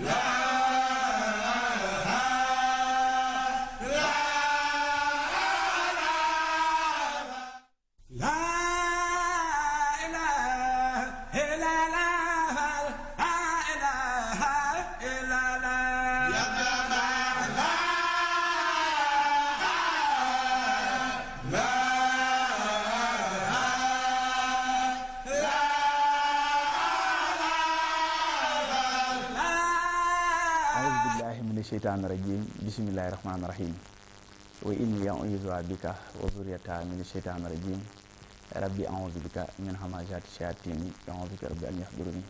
Yeah. sheytaan rajim bismillahi rahmaani rahim wa inni u'iizuha bika wa zurriyataha min sheytaan rajim rabbi a'uuzu bika min hamazaati shayaatini a'uuzu bika rabbi an yahduruni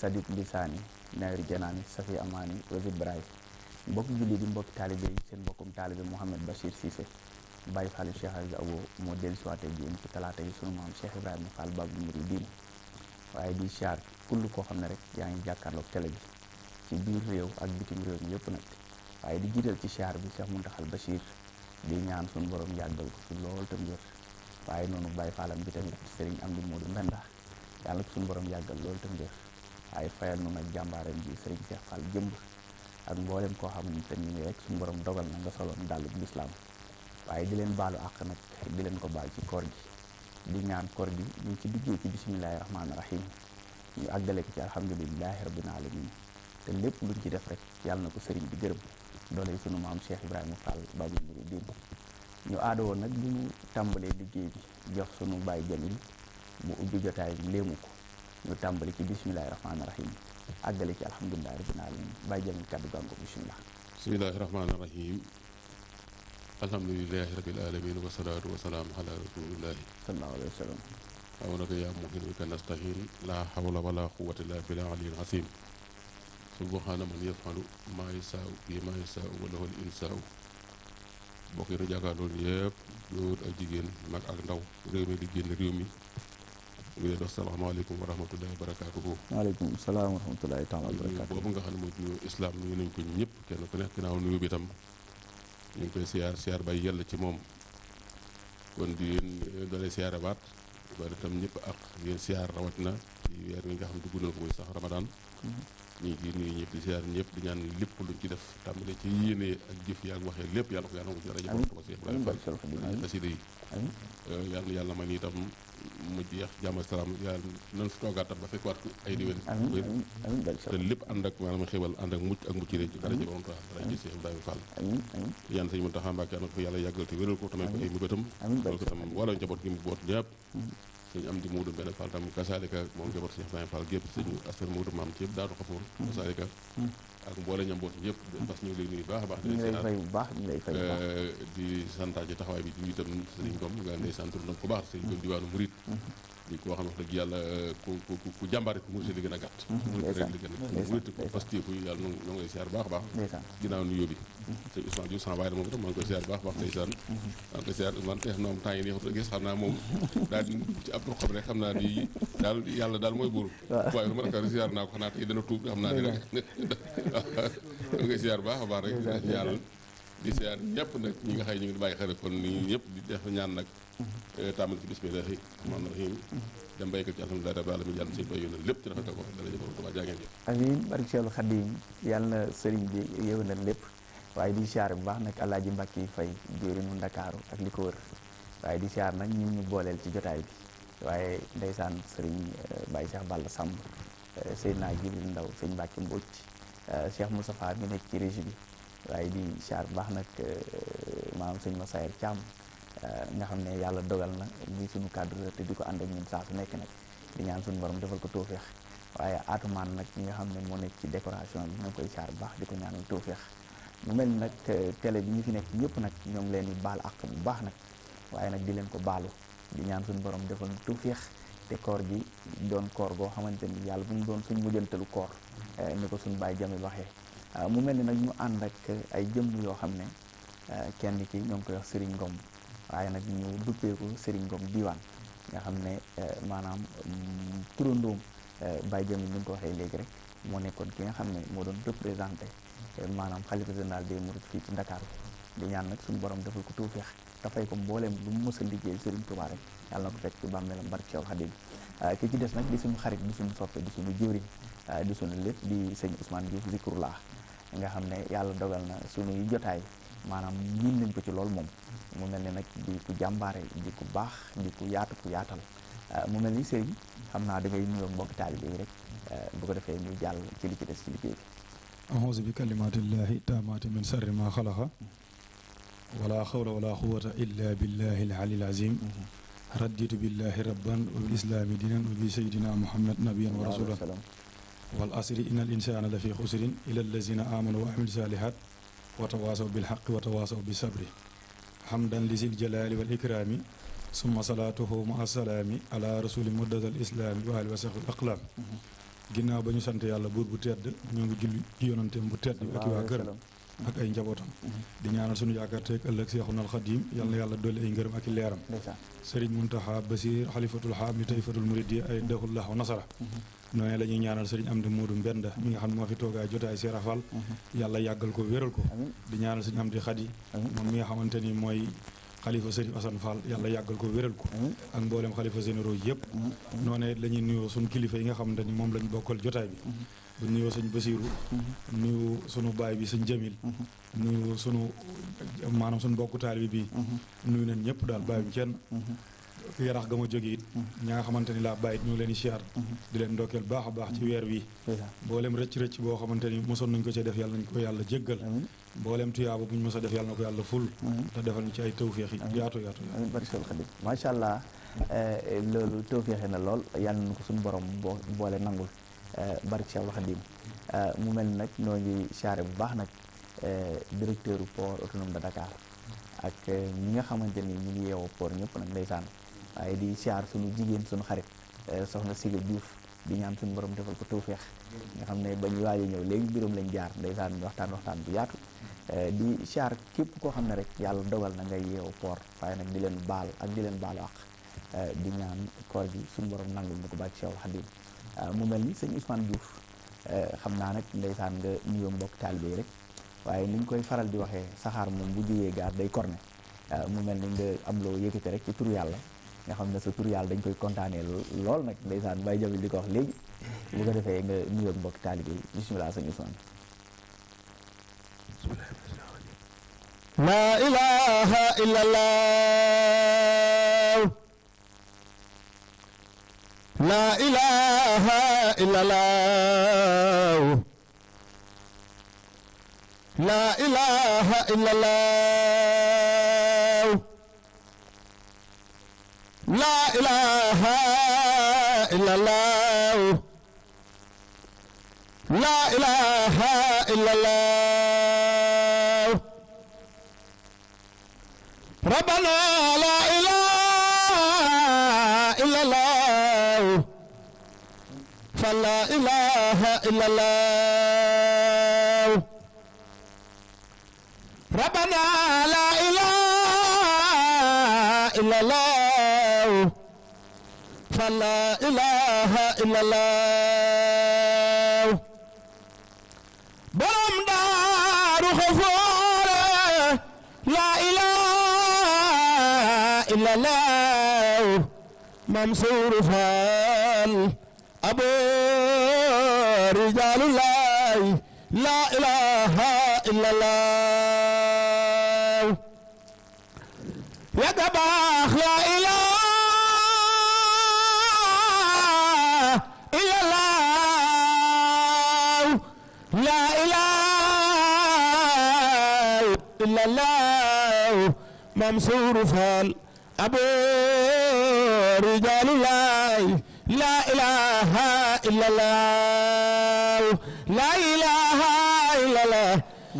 sadiq lisaani nawir janaani safi amaani wa zibraay mbokk julli di mbokki taalibe yi seen mbokkum taalibe Mouhamed Bachir Cissé Baye Fall Cheikh Aziz Awo moo dellusiwaat ak yéen ci talaata yi sunu maam Cheikh Ibrahima Fall Babou Mouridine waaye di siyaar kull koo xam ne rek yaa ngi jàkkaarloog télé bi ci biir réew ak bitim réew mi yëpp nag waaye di jiital ci siyaar bi seex Cheikh Mountakhal Bachir di ñaan suñu borom yàggal ko fi lool tam wér waaye noonu Baye Fallam bi tamit Serigne Amdi Modou Mbenda yàlla ko suñu borom yàggal lool tam wér waaye fayal nu nag jàmbaaram ji Serigne Cheikh Fall jëmb ak mboolem koo xam ne tamit nii rek suñu borom dogal na nga soloon dàllu lislaam waaye di leen baalu àq nag di leen ko baal ci koor gi di ñaan koor gi ñu ci diggee ci bisimilahi rahmaani rahim ñu àggale ko ci alhamdulilahi rabbil alamin te lépp luñ ci def rek yàlla na ko bi gërëm dooley sunu maam Cheikh Ibrahima Fall bàjji muridin ñu aada woon nag bi ñu tàmbalee liggéey bi jox sunu baay Jamil mu ubbi jotaay léemu ko ñu tàmbali ci bisimilahi rahmaani rahim àggale ci alhamdulilahi rabbil alamin baay Jamil kaddu gàngo bisimilah bisimilahi rahmaani rahim alhamdulilahi rabbil alamin wasalaatu wasalaam ala rasulillahi sallallahu alayhi wa sallam awnaka yaa muhinu ka nastahin laa hawla wala quwata illa billah aliyul azim subhaana man yafalu maa yasaau bi maa yasaau wa lahul imsaau mbokk yi nu jàkkaarloon yëpp góor ak jigéen mag ak ndaw réew mi di génn réew mi ñu leen wax salaamaaleykum wa rahmatullahi wa barakaatuhu waaleykum salaam wa rahmatullahi taala wa barakaatuhu boobu nga xam ne mooy nuyoo islam nuyu nañ ko ñëpp kenn ku nekk ginnaaw nuyu bi tam ñu ngi koy siyaar siyaar bay yàlla ci moom kon di yéen dalee siyaare baat bari tam ñëpp ak yéen siyaar rawat na ci weer wi nga xam ne dugg na ko muy sax ramadan mm-hmm. ñu ngi nuyu ñëpp di ziar ñaan lépp luñ ci def tàmbale ci yéene ak jëf yaa ngi waxee lépp yàlla ko yàlla ko ci rajo ko si Ibrahima Fall xasida yi euh, yàlla yàlla may ni mu jeex jàmm ak salaam ba fekkwaat ko ay déwén te wéral ko tamit ko ay njaboot gi mu boot ñëpp sëñ am di muudu mbele fall tam kasaalika moom njaboot sëñ Ibrahima Fall gépp sëñ askan muudu maam ci yëpp daaru xafoor kasaalika ak mboole ñamboot ñëpp parce que ñu ngi lay nuyu baax baax di lay fay bu baax ñu lay fay di santaa ci taxawaay bi ñu itam sëriñ gom nga ndey santur nag ko baax sëriñ gom diwaanu murit mm-hmm. di ko xam wax dëgg yàlla euh, ku ku ku jàmbaare ku murit li gën a gàtt murit mm-hmm. rek li gën a murit ko pastéefu yàlla ngi lay baax baax ginnaaw nuyoo bi sëñ Ousmane Diouf sama waaye moom itam maa ngi koy siyaar baax baax ndeysaan maa ngi koy siyaar Ousmane eh, te xam naa moom a gis xam daal di xam naa di daal yàlla daal mooy buur waaye ma rek siyaar naa ko xanaa tey dana tuub xam naa ne rek maa ngi koy a baax rek di ñaanal ñëpp nag ñi nga xëy ñu ngi bàyyi xel kon nii ñëpp di def ñaan nag eh, tàmbali ci bismillahi rahmaani rahim dem béykat ci alhamdulilah rabbil alamin yàlla na sëñ bay yónnal lépp ci rafet ko dala jëfal ko ba jaa ngeen jëf amiin barke Seexul na sëriñ bi yéwénal lépp waaye di siyaar bu baax nag Alaaji Mbàkke Fay jëwriñu Ndakaaru ak li ko wër waaye di siyaar nag ñu ñu booleel ci jotaay bi waaye ndeysaan sëriñ eh, Baye Cheikh Balla Samb eh, naa Jibril Ndaw sëñ Mbàkke Mbóoj eh, Cheikh Moustapha mi nekk ci régie bi waaye di siyaar bu baax nag maam sëñ Masayer Thiam nga xam ne yàlla dogal na muy suñu cadre te di ko ànd ak ñun saa su nekk nag di ñaan suñu borom defal ko toofeex waaye atumaan nag ñi nga xam ne moo nekk ci décoration bi ñu koy siyaar bu baax di ko ñaanal toofeex mu mel ni nag tele bi ñu fi nekk ñëpp nag ñoo leen di baal àq bu baax nag waaye nag di leen ko baalu di ñaan suñu borom defal tawfeex te koor gi doon koor goo xamante ni yàlla bu mu doon suñ mujjantalu koor eh, ni ko suñu bàyyi jame waxee ah, mu mel ni nag ñu ànd ak ay jëmm yoo xam ne eh, kenn ki ñoo ngi koy wax Serigne Ngom waaye nag ñu duppeeku Serigne Ngom diwaan nga xam ne eh, maanaam mm, turandoom bàyyi jame ni ñu ko waxee léegi rek moo nekkoon ki nga xam ne moo doon représenté maanaam xalifa général des mourides fii ci Dakar ñaan nag suñu borom defal ko tuufeex dafay ko mbooleem lu mu mës a liggéey Serigne Touba rek yàlla na ko fekk ci bàmmeelam barke Cheikh Khadim ah, ki ci des nag di suñu xarit di suñu soppe di suñu jëwriñ ah, di suñu lépp di sëñ Ousmane Diouf Zikrullah nga xam ne yàlla dogal na suñuy jotaay maanaam miin nañ ko ci lool moom mu mel ne nag di ku jàmbaare di ku baax di ku yaatu ku yaatal ah, mu mel ni Serigne xam naa da ngay nuyoo mbokki taalibe yi rek bu ko defee ñu jàll ci li ci des ci أعوذ بكلمات الله التامات من شر ما خلق ولا حول ولا قوة إلا بالله العلي العظيم رديت بالله ربا وبالإسلام دينا وبسيدنا محمد نبيا ورسولا والأسر إن الإنسان لفي خسر إلى الذين آمنوا وعملوا الصالحات وتواصوا بالحق وتواصوا بالصبر حمدا لذي الجلال والإكرام ثم صلاته مع السلام على رسول مدة الإسلام وآل وسخ الأقلام ginnaaw ba ñu sant yàlla buur bu tedd ñoo ngi julli ci yonanteem bu tedd ak waa këram ak ay njabootam mm-hmm. di ñaanal suñu yaakaar teeg ëllëg seexuna alxadim yal na yàlla dolli ay ngërëm ak i leeram sëriñ muntaxa basir xalifatul xaam li tayfatul muridi ay daxullah wa nasara mm-hmm. noonu la ñuy ñaanal sëriñ Amdi Moodu Mbenda mi nga xam ne moo fi toogaay jotaay Seera mm-hmm. yàlla yàggal ko wéral ko di ñaanal sëriñ Amdi Xadi moom mi nga mooy xalifa sëriñ Assane Fall yàlla yàggal ko wéral ko mm. ak mboolem xalifa généraux yëpp mm. noonee la ñuy nuyoo suñu kilifa yi nga xamante ni moom lañ bokkal jotaay bi bu mm-hmm. nuyoo sëñ Basiiru mm-hmm. nuyu sunu baay bi sëñ Jamil mm-hmm. nuyu sunu maanaam sunu bokku taal bi nuyu nañ ñëpp daal bàyyiñ kenn yarax gamu ma mhm. ña nga xamanteni la bayit ñu leen ciar mhm. di leen ndokkeel baax baax ci wër wi iya. bolem recc recc bo xamanteni mësoon nañ ko ci def yalla nañ ko yalla jéggal bolem tuyaabu buñ mësa def yalla na ko yàlla ful da defal ñu ci ay tawfiix yi yaatu yaatu amiin khadim ma sha Allah euh lolu tawfiix na lool yalla nañ ko suñu borom boole nangul euh barik Cheikh Khadim euh mu mel nak noo ngi siyaare bu baax nak euh directeur port autonome de Dakar ak eh, ñi nga xamanteni ñi ñu ngi yeewoo port ñëpp nak ndaysan waaye di siyaar suñu jigéen suñu xarit eh, soxna si Siga Diouf di ñaan suñu borom defal ko tawféex nga xam ne bañ waaj a ñëw léegi biróom lañ jaar ndeysaan waxtaan waxtaan bu yaatu eh, di siyaar képp koo xam ne rek yàlla dogal na ngay yeewu poor waaye nag di leen baal ak di leen baal wax eh, di ñaan koor gi suñu boroom nangul ñu ko bàcc Cheikh Khadim mu mel ni sëñ Ousmane Diouf xam naa nag ndeysaan nga nuyoo mbokk taalibe yi rek waaye ni ñu koy faral di waxee saxaar moom bu jógee gaar day korne mu mel ni nga am loo rek ci turu yàlla nga xam ne sa tur yàlla dañ koy kontaanee lool nag ndeysaan Baye Jamil di ko wax léegi bu ko defee nga nuyoo ak mbokk taalibe yi bismillah sëñ Ousmane laa ilaha illallah laa ilaha لا إله إلا الله لا إله إلا الله ربنا لا إله إلا الله فلا إله إلا الله ربنا لا إله لا الله إله إلا الله برم دار خفور لا إله إلا الله منصور فال أبو رجال الله لا إله إلا الله منصور فال أبو رجال الله لا إله إلا الله لا إله إلا الله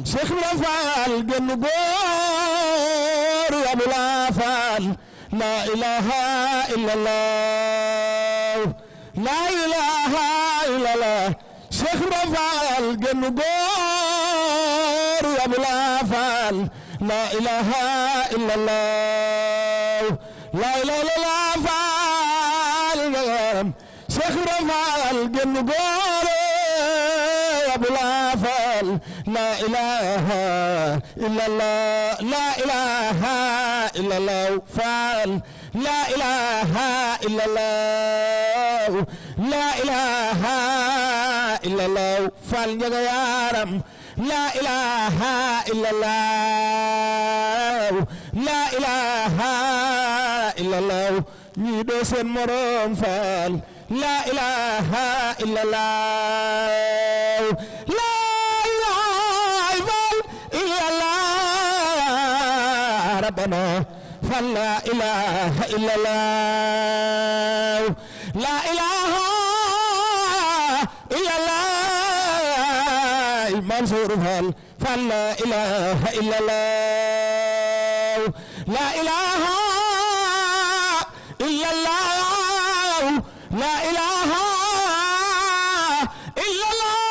شيخ لفال جنبور يا أبو لافال لا إله إلا الله لا إله إلا الله شيخ رفال جنبور لا إله إلا الله لا إله إلا الله فعل سخر رفعل جن يا أبو العفل لا إله إلا الله لا إله إلا الله فعل لا إله إلا الله لا إله إلا الله فعل يا رب لا إله إلا الله لا إله إلا الله نيدو سن فال لا إله إلا الله لا إله إلا الله ربنا فلا إله إلا الله الأذهان فلا إله إلا الله لا إله إلا الله لا إله إلا الله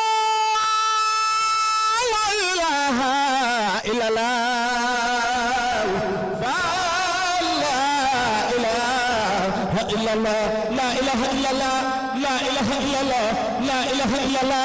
لا إله إلا الله إله إلا الله لا إله إلا الله لا إله إلا الله لا إله إلا الله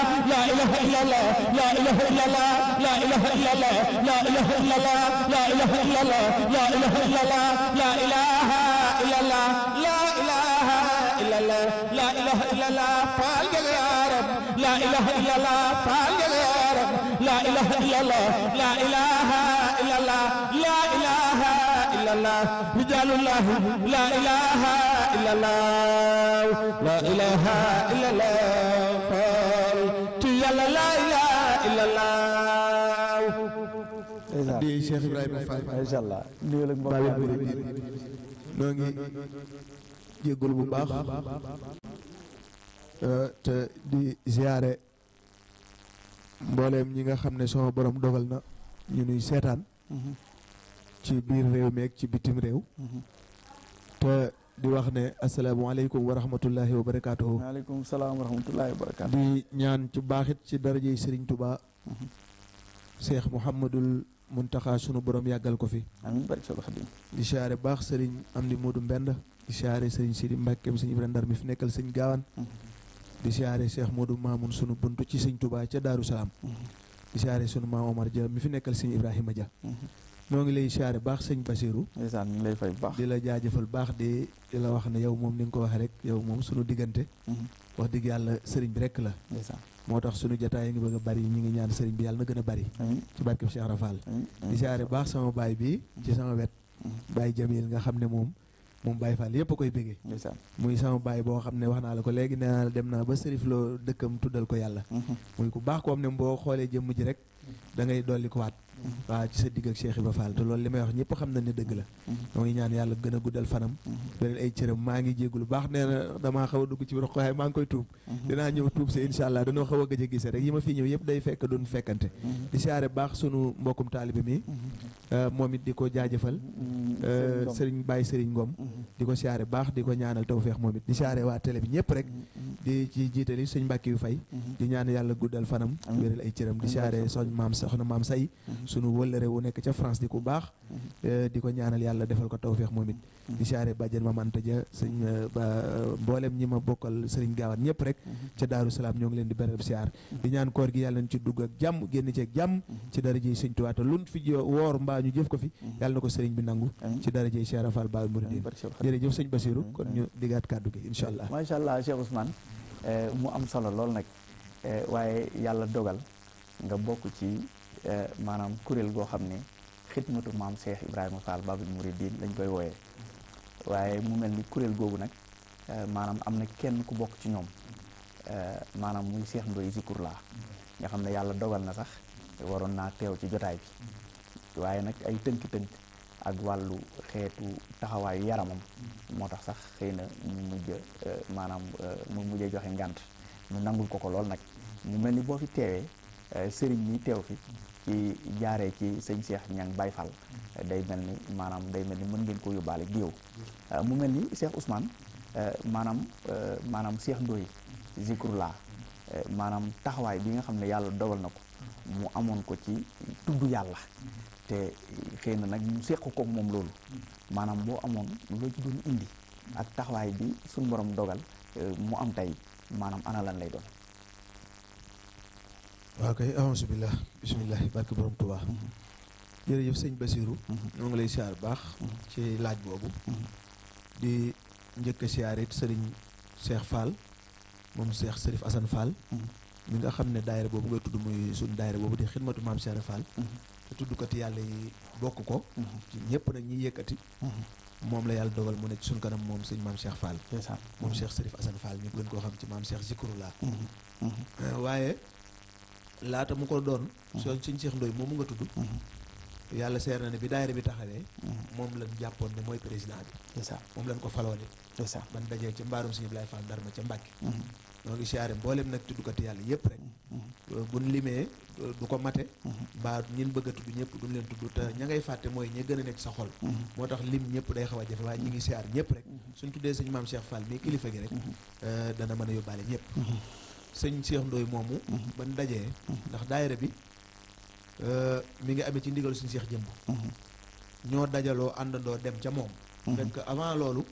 لا اله الا الله لا اله الا الله لا اله الا الله لا اله الا الله لا اله الا الله لا اله الا الله لا اله الا الله لا اله الا الله لا اله الا الله فعل يا رب لا اله الا الله فعل يا رب لا اله الا الله لا اله الا الله لا اله الا الله رجال الله لا اله الا الله لا اله الا الله illallah la ilaha illallah di Cheikh Ibrahima Fall macha noo ngi jéggul bu baax euh, te di ziyaare mbooleem ñi nga xam ne sama borom dogal na ñu nuy seetaan mhm. ci biir réew mi ci bitim réew mhm. te di wax ne asalaamaaleykum wa rahmatullahi wa barakaatuhu. waaleykum salaam wa rahmatullahi wa barakaatuhu. di ñaan ci baaxit ci darajey Serigne Touba. Mhm. Cheikh mun Muntaxa sunu borom yàggal ko fi. amiin barke Soxna Xadim. di siyaare baax Serigne Amdi Modou Mbend. di siyaare Serigne Sidi Mbacke Serigne Ibrahima Ndar mi fi nekkal Serigne Gaawaan. Mhm. di siyaare Cheikh Modou Mamoun sunu bunt ci Serigne tubaa ca Daaru Salaam. Mhm. di siyaare sunu maam Omar Dia mi fi nekkal Serigne Ibrahima ja noo ngi lay siyaare baax sëñ Basiru ndeysaan ñu ngi lay fay bu baax di la jaajëfal baax di di la wax ne yow moom ni nga ko waxee rek yow moom suñu diggante mm-hmm. wax dëgg yàlla sëriñ bi rek la moo tax sunu jataay yi ngi bëgg a bari ñu ngi ñaan sëriñ bi yàlla na gën a bari ci barkeb Cheikh Rafal di siyaare baax sama baay bi ci mm-hmm. sama wet mm-hmm. baay Jamil nga xam ne moom moom baay Fall yëpp a koy bëggee muy sama baay boo xam ne wax naa la ko léegi nee la dem naa ba sërif loo dëkkam tuddal ko yàlla muy ku baax ko am ne boo xoolee jëmm ji rek da ngay dolli ko waat waaw ci sa digg ak Cheikh Ibrahima Fall loolu li may wax ñëpp xam na ne dëgg la ma mm-hmm. ngi ñaan yàlla gën a guddal fanam mm-hmm. beneen ay cëram maa ngi jégalu baax nee na damaa xaw a dugg ci maa ngi koy tuub mm-hmm. dinaa ñëw tuub si incha allah dañoo xaw a gëj a gise ma fi ñëw yëpp day fekk doon fekkante di siyaare baax sunu mbokkum taalibe mi euh, moom it di ko jaajëfal euh, sëriñ Baye sëriñ Ngom di ko siyaare baax di ko ñaanal tawfeex moom it di siyaare waa télé bi ñëpp rek di ci jiitali sëñ Mbàkke yu fay di ñaan yàlla guddal fanam wéral ay cëram di siyaare soñ maam soxna maam say sunu wëllëre wu nekk ca France di ku baax mhm. eh, di ko ñaanal yàlla defal ko tawféex moom it mhm. di siyaare bàjjen ma manta ja sëñ eh, ba mboolem ñi ma bokkal sëriñ gaawaan ñëpp rek mhm. ca daaru salaam ñoo ngi leen di bereb siyaar di ñaan koor gi yàlla na ci dugg jàmm génn ci ak jàmm ci darajey sëñ Tuubaa te luñ fi woor mbaa ñu jëf ko fi yàlla ko sëriñ bi nangu ci darajey Cheikh Rafal Baal Mouridine jërëjëf sëñ Basiru kon ñu diggaat kàddu gi incha allah macha allah Cheikh Ousmane eh, mu am solo lool nag waaye yàlla dogal bokk ci Eh, maanaam kuréel goo xam ne xidmatu maam Cheikh Ibrahima Fall Babul Mouridine lañ koy wooyee waaye mu mel ni kuréel googu nag eh, maanaam am na kenn ku bokk ci ñoom eh, maanaam muy Cheikh Ndoye laa nga xam ne yàlla dogal na sax waroon naa teew ci jotaay bi waaye nag ay tënk-tënk ak wàllu xeetu taxawaayu yaramam moo tax sax xëy na mu mujj maanaam mu mujj joxe ngànt ñu nangul ko ko loolu nag mu mel ni boo fi teewee sëriñ ñi teew fi ci jaaree ci sëñ Cheikh Niang Baye fal day mel ni maanaam day mel ni mën ngeen ko yóbbaale géew euh, mu mel ni Cheikh Ousmane euh, maanaam euh, maanaam Cheikh Ndoye zikrullah maanaam taxawaay bi nga xam ne yàlla dogal na ko mu amoon ko ci tudd yàlla te xëy na nag mu seq kook moom loolu maanaam boo amoon loo ci doon indi ak taxawaay bi suñ borom dogal mu am tey maanaam ana lan lay doon waaw kay alhamdulilah bisimilah barke borom Tuubaa jërëjëf sëñ Basiru ñoo ngi lay siyaar baax ci laaj boobu di njëkk siyaar it sëriñ Cheikh Fall moom Cheikh Serif asan Fall mi nga xam ne daayira boobu ngay tudd muy suñ daayira boobu di xidmatu maam Cheikh Fall te tuddkat yàlla yi bokk ko ci ñëpp nag ñi yëkkati moom la yàlla dogal mu ne ci suñ kanam moom sëñ maam Cheikh Fall moom Cheikh Serif Assane Fall ñu gën koo xam ci maam Cheikh Zikrullah mm-hmm. Mm-hmm. waaye laata mu ko doon mm-hmm. soo suñ Cheikh Ndoye moomu nga tudd mm-hmm. yàlla seer na ne bi daayira bi taxawee mm-hmm. moom lañ jàppoon ne mooy président bi moom lañ ko faloon it man dajee ca mbaarum suñu Ibrahima Fall Darma ca Mbàkke ñoo ngi siyaare mboolem nag tuddkati yàlla yëpp rek euh, buñ limee euh, du ko mate mbaa ñin bëgg a tudd ñëpp duñ leen tudd te ña ngay fàtte mooy ña gën a nekk sa xol moo tax lim ñëpp day xaw a jafe waaye ñi ngi siyaar ñëpp rek suñ tuddee sëñ maam Cheikh Fall mii kilifa gi rek euh, dana mën a yóbbaale ñëpp sëñ Cheikh Ndoye moomu. ban dajee. ndax daayira bi euh, mi ngi amee ci ndigal suñu Cheikh jëmb. ñoo dajaloo àndandoo dem ca moom. fekk avant loolu.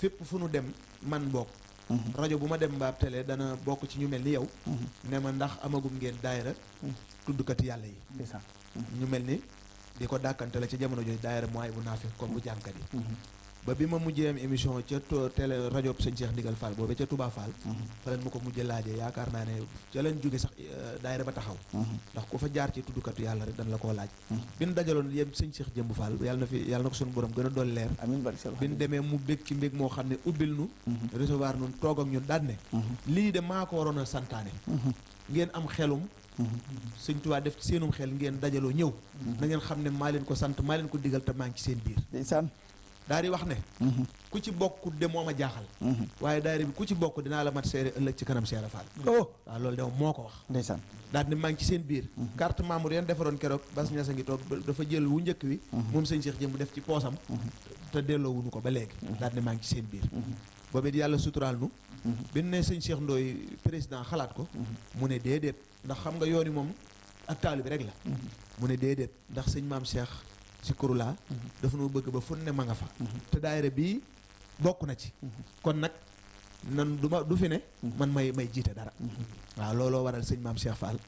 fépp fu nu dem man bokk. rajo bu ma dem mbaab dana bokk ci ñu mel ni yow. ne ma ndax amagum ngeen daayira. tuddkati yàlla yi. ñu mel ni di ko dàkkante la ci jamono jooju daayira mooy bu naafi comme bu jànkat yi. ba bi ma mujjee am émission ca télé rajo sëñ Cheikh Ndigal Fall boobu ca Touba Fall. Mhm. fa leen ma ko mujjee laajee yaakaar naa ne ca leen jóge sax eh, daayira ba taxaw. Mhm. ndax ko fa jaar ci tuddukat yàlla rek dañ la koo laaj. Mhm. bi ñu dajaloon yem sëñ Cheikh Jëmb Fall yàlla na fi yàlla na ko sunu borom gën a doon leer. amiin bari bi ñu demee mu bég ci mbég moo xam ne ubbil nu. recevoir nu toog ak ñun daan ne. lii de maa ko waroon a santaane. ngeen am xelum. sëñ Tuubaa def ci seenum ngeen dajaloo ñëw. na ngeen xam ne maa leen ko sant leen ko digal te maa ngi ci seen biir. ndeysaan daal di wax ne. Mhm. ku ci bokk de moo ma jaaxal. Mhm. waaye daayira bi ku ci bokk dinaa la mat seere ëllëg ci kanam seere faal. Mhm. oh waaw loolu de moo ko wax. ndeysaan daal di ne maa ngi ci seen biir. carte membre yan defaroon keroog bas ñasa ngi toog dafa jël wu njëkk wi. moom sëñ Cheikh jëm bu def ci poosam. te delloowuñu ko ba léegi. daal di ne maa ngi ci seen biir. boobu it yàlla suturaal nu. bi ne sëñ Cheikh Ndoye président xalaat ko. mu ne déedéet ndax xam nga yooni moom ak taalibe rek la. mu ne déedéet ndax sëñ maam Cheikh. si kurulaa dafa noo bëgg ba fu ne ma nga fa te daayira bii bokk na ci kon nag nan du ma du fi ne man may may jiite dara waaw looloo waral sëñ maam Cheikh Fall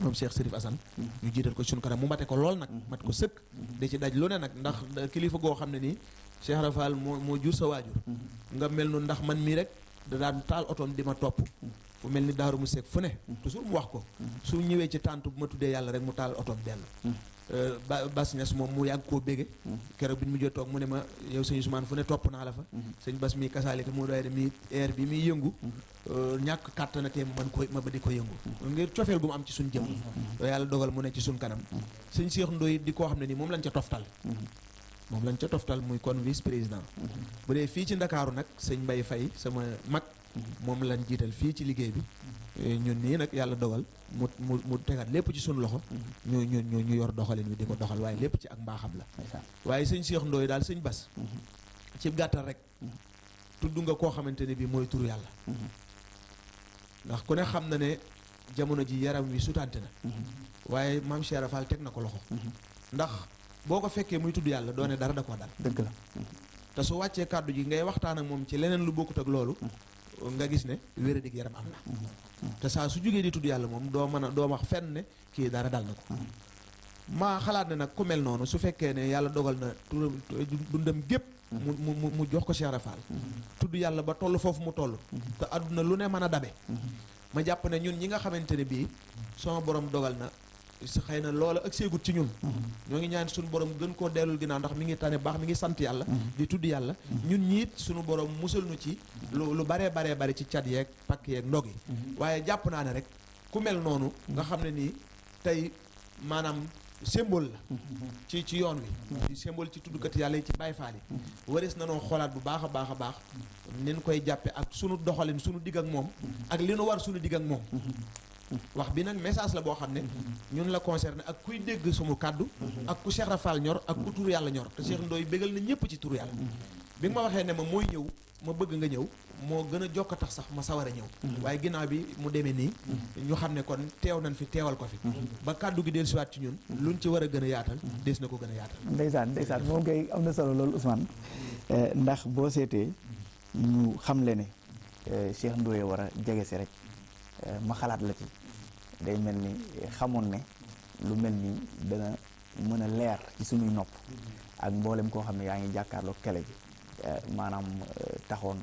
moom Cheikh Serif Assane ñu jiital ko suñu kanam mu mate ko lool nag mat ko sëkk di ci daj lu ne nag ndax kilifa goo xam ne nii Cheikh Rafal moo moo jur sa waajur nga mel nu ndax man mii rek da daan taal otoom di ma topp fu mel ni daaru mu seeg fu ne toujours mu wax ko su ñëwee ci tànt bu ma tuddee yàlla rek mu taal otoom dellu Euh, Bass Niass moom mu yàgg koo bége mm-hmm. keroog bi ñu mujjee toog mu ne ma yow sëñ Ousmane fu ne topp naa la fa mm-hmm. sëñ Bass mii kasaalika moo doy mi air bi muy yëngu mm-hmm. euh, ñàkk kàttana te man ko ma ba di ko yëngu ngir cofeel gu mu am ci suñ jëm yàlla dogal mu ne ci suñ kanam sëñ Cheikh Ndoye di koo xam ne nii moom lañ ca toftal moom lañ ca toftal muy kon vice président bu dee fii ci Ndakaaru nag sëñ mbay fay sama mag moom lañ jiital fii ci liggéey bi ñun nii nag yàlla dogal mu mu mu tegaat lépp ci suñu loxo mm-hmm. ñu ñu ñu ñu yor doxalin wi di ko doxal waaye lépp ci ak mbaaxam la waaye sëñ Cheikh Ndoye daal sañ Bas mm-hmm. ci gàttal rek mm-hmm. tudd nga koo xamante ne bii mooy turu yàlla ndax ku ne xam na ne jamono ji yaram wi sutante na waaye maam Cheikh Ibra teg na ko loxo ndax boo ko fekkee muy tudd yàlla doone dara da ko dal dëgg la te su wàccee kàddu ji ngay waxtaan ak moom ci leneen lu bokkut ak loolu nga gis ne wéradik yaram am na te saa su jógee di tudd yàlla moom doo mën a doo wax fenn ne kii dara dal na ko maa xalaat ne nag ku mel noonu su fekkee ne yàlla dogal na turam dundam gépp mu mu mu jox ko Cheikh Rafaal tudd yàlla ba toll foofu mu toll te àdduna lu ne mën a dabe ma jàpp ne ñun ñi nga xamante ne bii sama borom dogal na xëy na loola ak seegut ci ñun ñoo ngi ñaan suñu borom gën koo dellul ginnaaw ndax mi ngi tane baax mi ngi sant yàlla di tudd yàlla ñun ñiit suñu boroom musal nu ci lu lu baree baree bari ci cat yeeg pakk yeeg ndog yi waaye jàpp naa ne rek ku mel noonu nga xam ne nii tey maanaam symbole la ci ci yoon wi di symbole ci tuddkat yàlla yi ci Baay Faal yi waris na noo xoolaat bu baax a baax a baax nin koy jàppe ak suñu doxalin sunu digg ak moom ak li nu war sunu digg wax bi nag message la boo xam ne ñun la concerné ak kuy dégg sumu kàddu ak ku Cheikh Rafal ñor ak ku tur yàlla ñor te Cheikh Ndoye bégal na ñëpp ci tur yàlla bi nga ma waxee ne ma mooy ñëw ma bëgg nga ñëw moo gën a jokk tax sax ma sawar a ñëw waaye ginnaaw bi mu demee nii ñu xam ne kon teew nañ fi teewal ko fi ba kàddu gi si waat ci ñun lu luñ ci war a gën a yaatal des na ko gën a yaatal ndeysaan ndeysaan moom kay am na solo loolu Ousmane eh, ndax boo seetee ñu xam le ne eh, Cheikh Ndoye war a jege si rek Euh, ma xalaat la ci day mel ni xamoon ne lu mel ni dana mën a leer ci suñuy nopp ak mboolem koo xam ne yaa ngi jàkkaarloo télé bi euh, maanaam euh, taxoon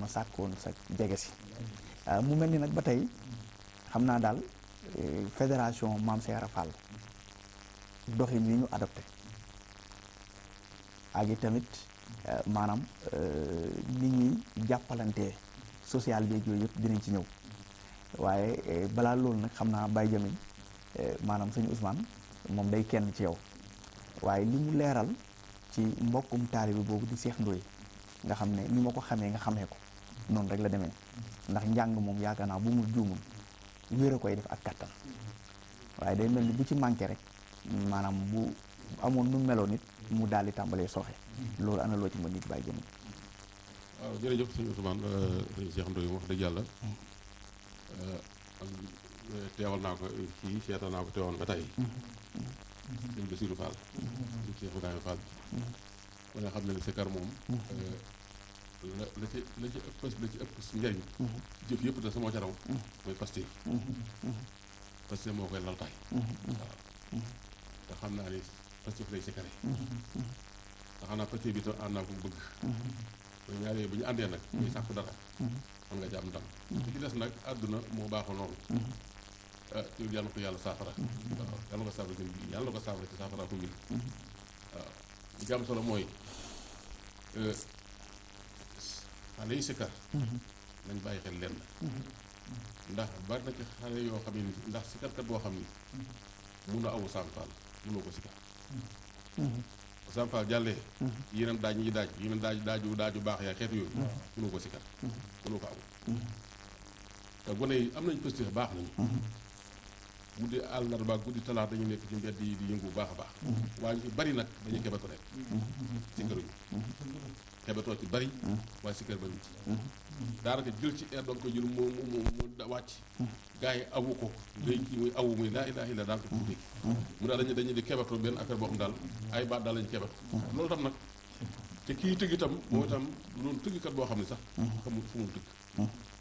ma sàkkoon sa jege si mu mel ni nag ba tey xam naa daal fédération Maam Cheikh Ibra Fall doxin yi ñu adopté ak i tamit maanaam ni ñuy jàppalantee sociale beeg yooyu yëpp dinañ ci ñëw waaye eh, balaa loolu nag xam naa Baye Jamin eh, maanaam sëñ Ousmane moom day kenn ci yow waaye li mu leeral ci mbokkum taalibe boobu di Seex Ndoye nga xam ne ni ma ko xamee nga xamee ko noonu rek la demee ndax njàng moom yaakaar naa bu mu juumul wéer a koy def ak kattan waaye day mel ni bu ci manqué rek maanaam bu amoon nu meloon nit mu daal di tàmbalee sooxe loolu ana loo ci ma nit Baye Jamin waaw jërëjëf sëñ Ousmane euh, Seex Ndoye wax dëgg yàlla mm. Euh, teewal naa ko fii euh, seetal naa ko teewoon ba tey sëñ Basiru Fall sëñ Cheikh Ibrahima Fall ku ne xam ne ne sikar moom euh, la la ci ëpp la ci jëf yëpp da sama jaraw mooy pasté pasté moo koy laltaay waaw te xam naa ne pasté lay sikare te xam naa pasté bi tam ànd naa ko bëgg ñaaree bu ñu àndee nag muy sàkku dara am nga ci am ndam. li ci des nag àdduna moo baaxoo noonu. Ah, yal na ko yàlla saafara. waaw ah, yal na ko saafara seen biir ko saafara ci saafara ko mbir. waaw solo mooy euh, xale yi sikkar. nañ bàyyi xel lenn. ndax bari na ci xale yoo xam ne ndax sikkarkat boo xam ni. mun a awu sàmpaal munoo ko sikkar. sàmpaal jàllee. yeneen daaj ñi daaj yeneen daaj daaju daaju baax yaa xeet yooyu. munoo ko sikkar munoo ko aw. te gone yi am nañ positif baax nañu guddi àllarba guddi talaata dañu nekk ci di yëngu bu baax a baax waaye ñu bari nag dañu kebatu rek si këruñu xebetoo ci bari waaye si kër ba ci daanaka jël ci air doon ko jël moo ko ngay kii muy awu muy laa ilaaha illa daal di kebatu benn affaire boo xam daal ay baat daal lañu kebatu loolu tam nag te kii tëgg itam moo itam loolu tëggkat boo xam ne sax xamul fu tëgg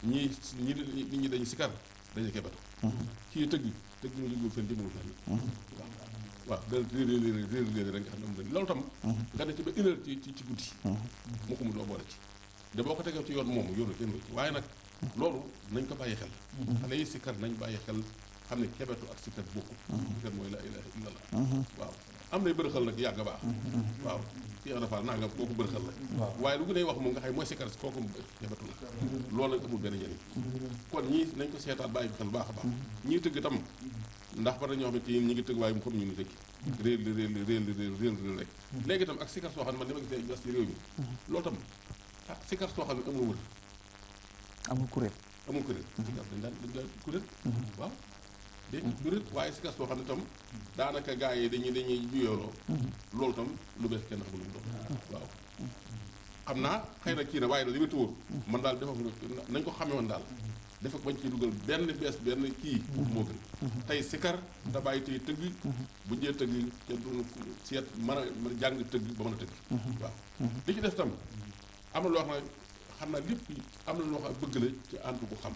ñii ñi nit ñi dañu sikar dañu koy batu kii tëgg tëgg te jógul fenn jëmul fenn waaw waaw da réer réer réer réer rek nga xam ne amul loolu tam nga ne ci ba une heure ci ci guddi moo ko mu doo boole ci de boo ko tegee ci yoon moom yoonu kenn waaye nag loolu nañ ko bàyyi xel xale yi sikar nañ bàyyi xel xam ne kebetu ak sikar bokkul sikar mooy la ilaha la waaw am nay bërëxal nag yàgg baax waaw si Ibra Fall nangam kooku bën xal la waaye lu gën a wax moom nga xam mooy sikar kooku jabatu la loolu nag amul benn njëriñ kon ñii nañ ko seetaat bàyyi xel baax a baax ñii tëgg tam ndax war na ñoo xamante ni ñu ngi tëgg waaye mu xam ñu ngi tëgg réel li réel li réel li réel réel réel rek léegi itam ak sikar soo xam ne man li ma gisee gas ci réew mi loolu tam ah sikar soo xam ne amul wër amul kuréel amul kuréel sikar dañ daan dañ daan kuréel mhm. day ut kuréel waaye si kas xam ne tam daanaka gaa yi dañuy dañuy juyooloo loolu tam lu bees kenn xamul lu mu waaw xam naa xëy na kii na waaye loolu li ma tuur man daal defam nañ ko xame woon daal dafa bañ ci dugal benn bees benn kii moo gën tey sikar te bàyyi tey tëgg bu njee tëgg te du seet mën a jàng tëgg ba mën a tëgg waaw li ci def tam am na loo xam naa lépp am na loo xam bëgg la ci ànd bu xam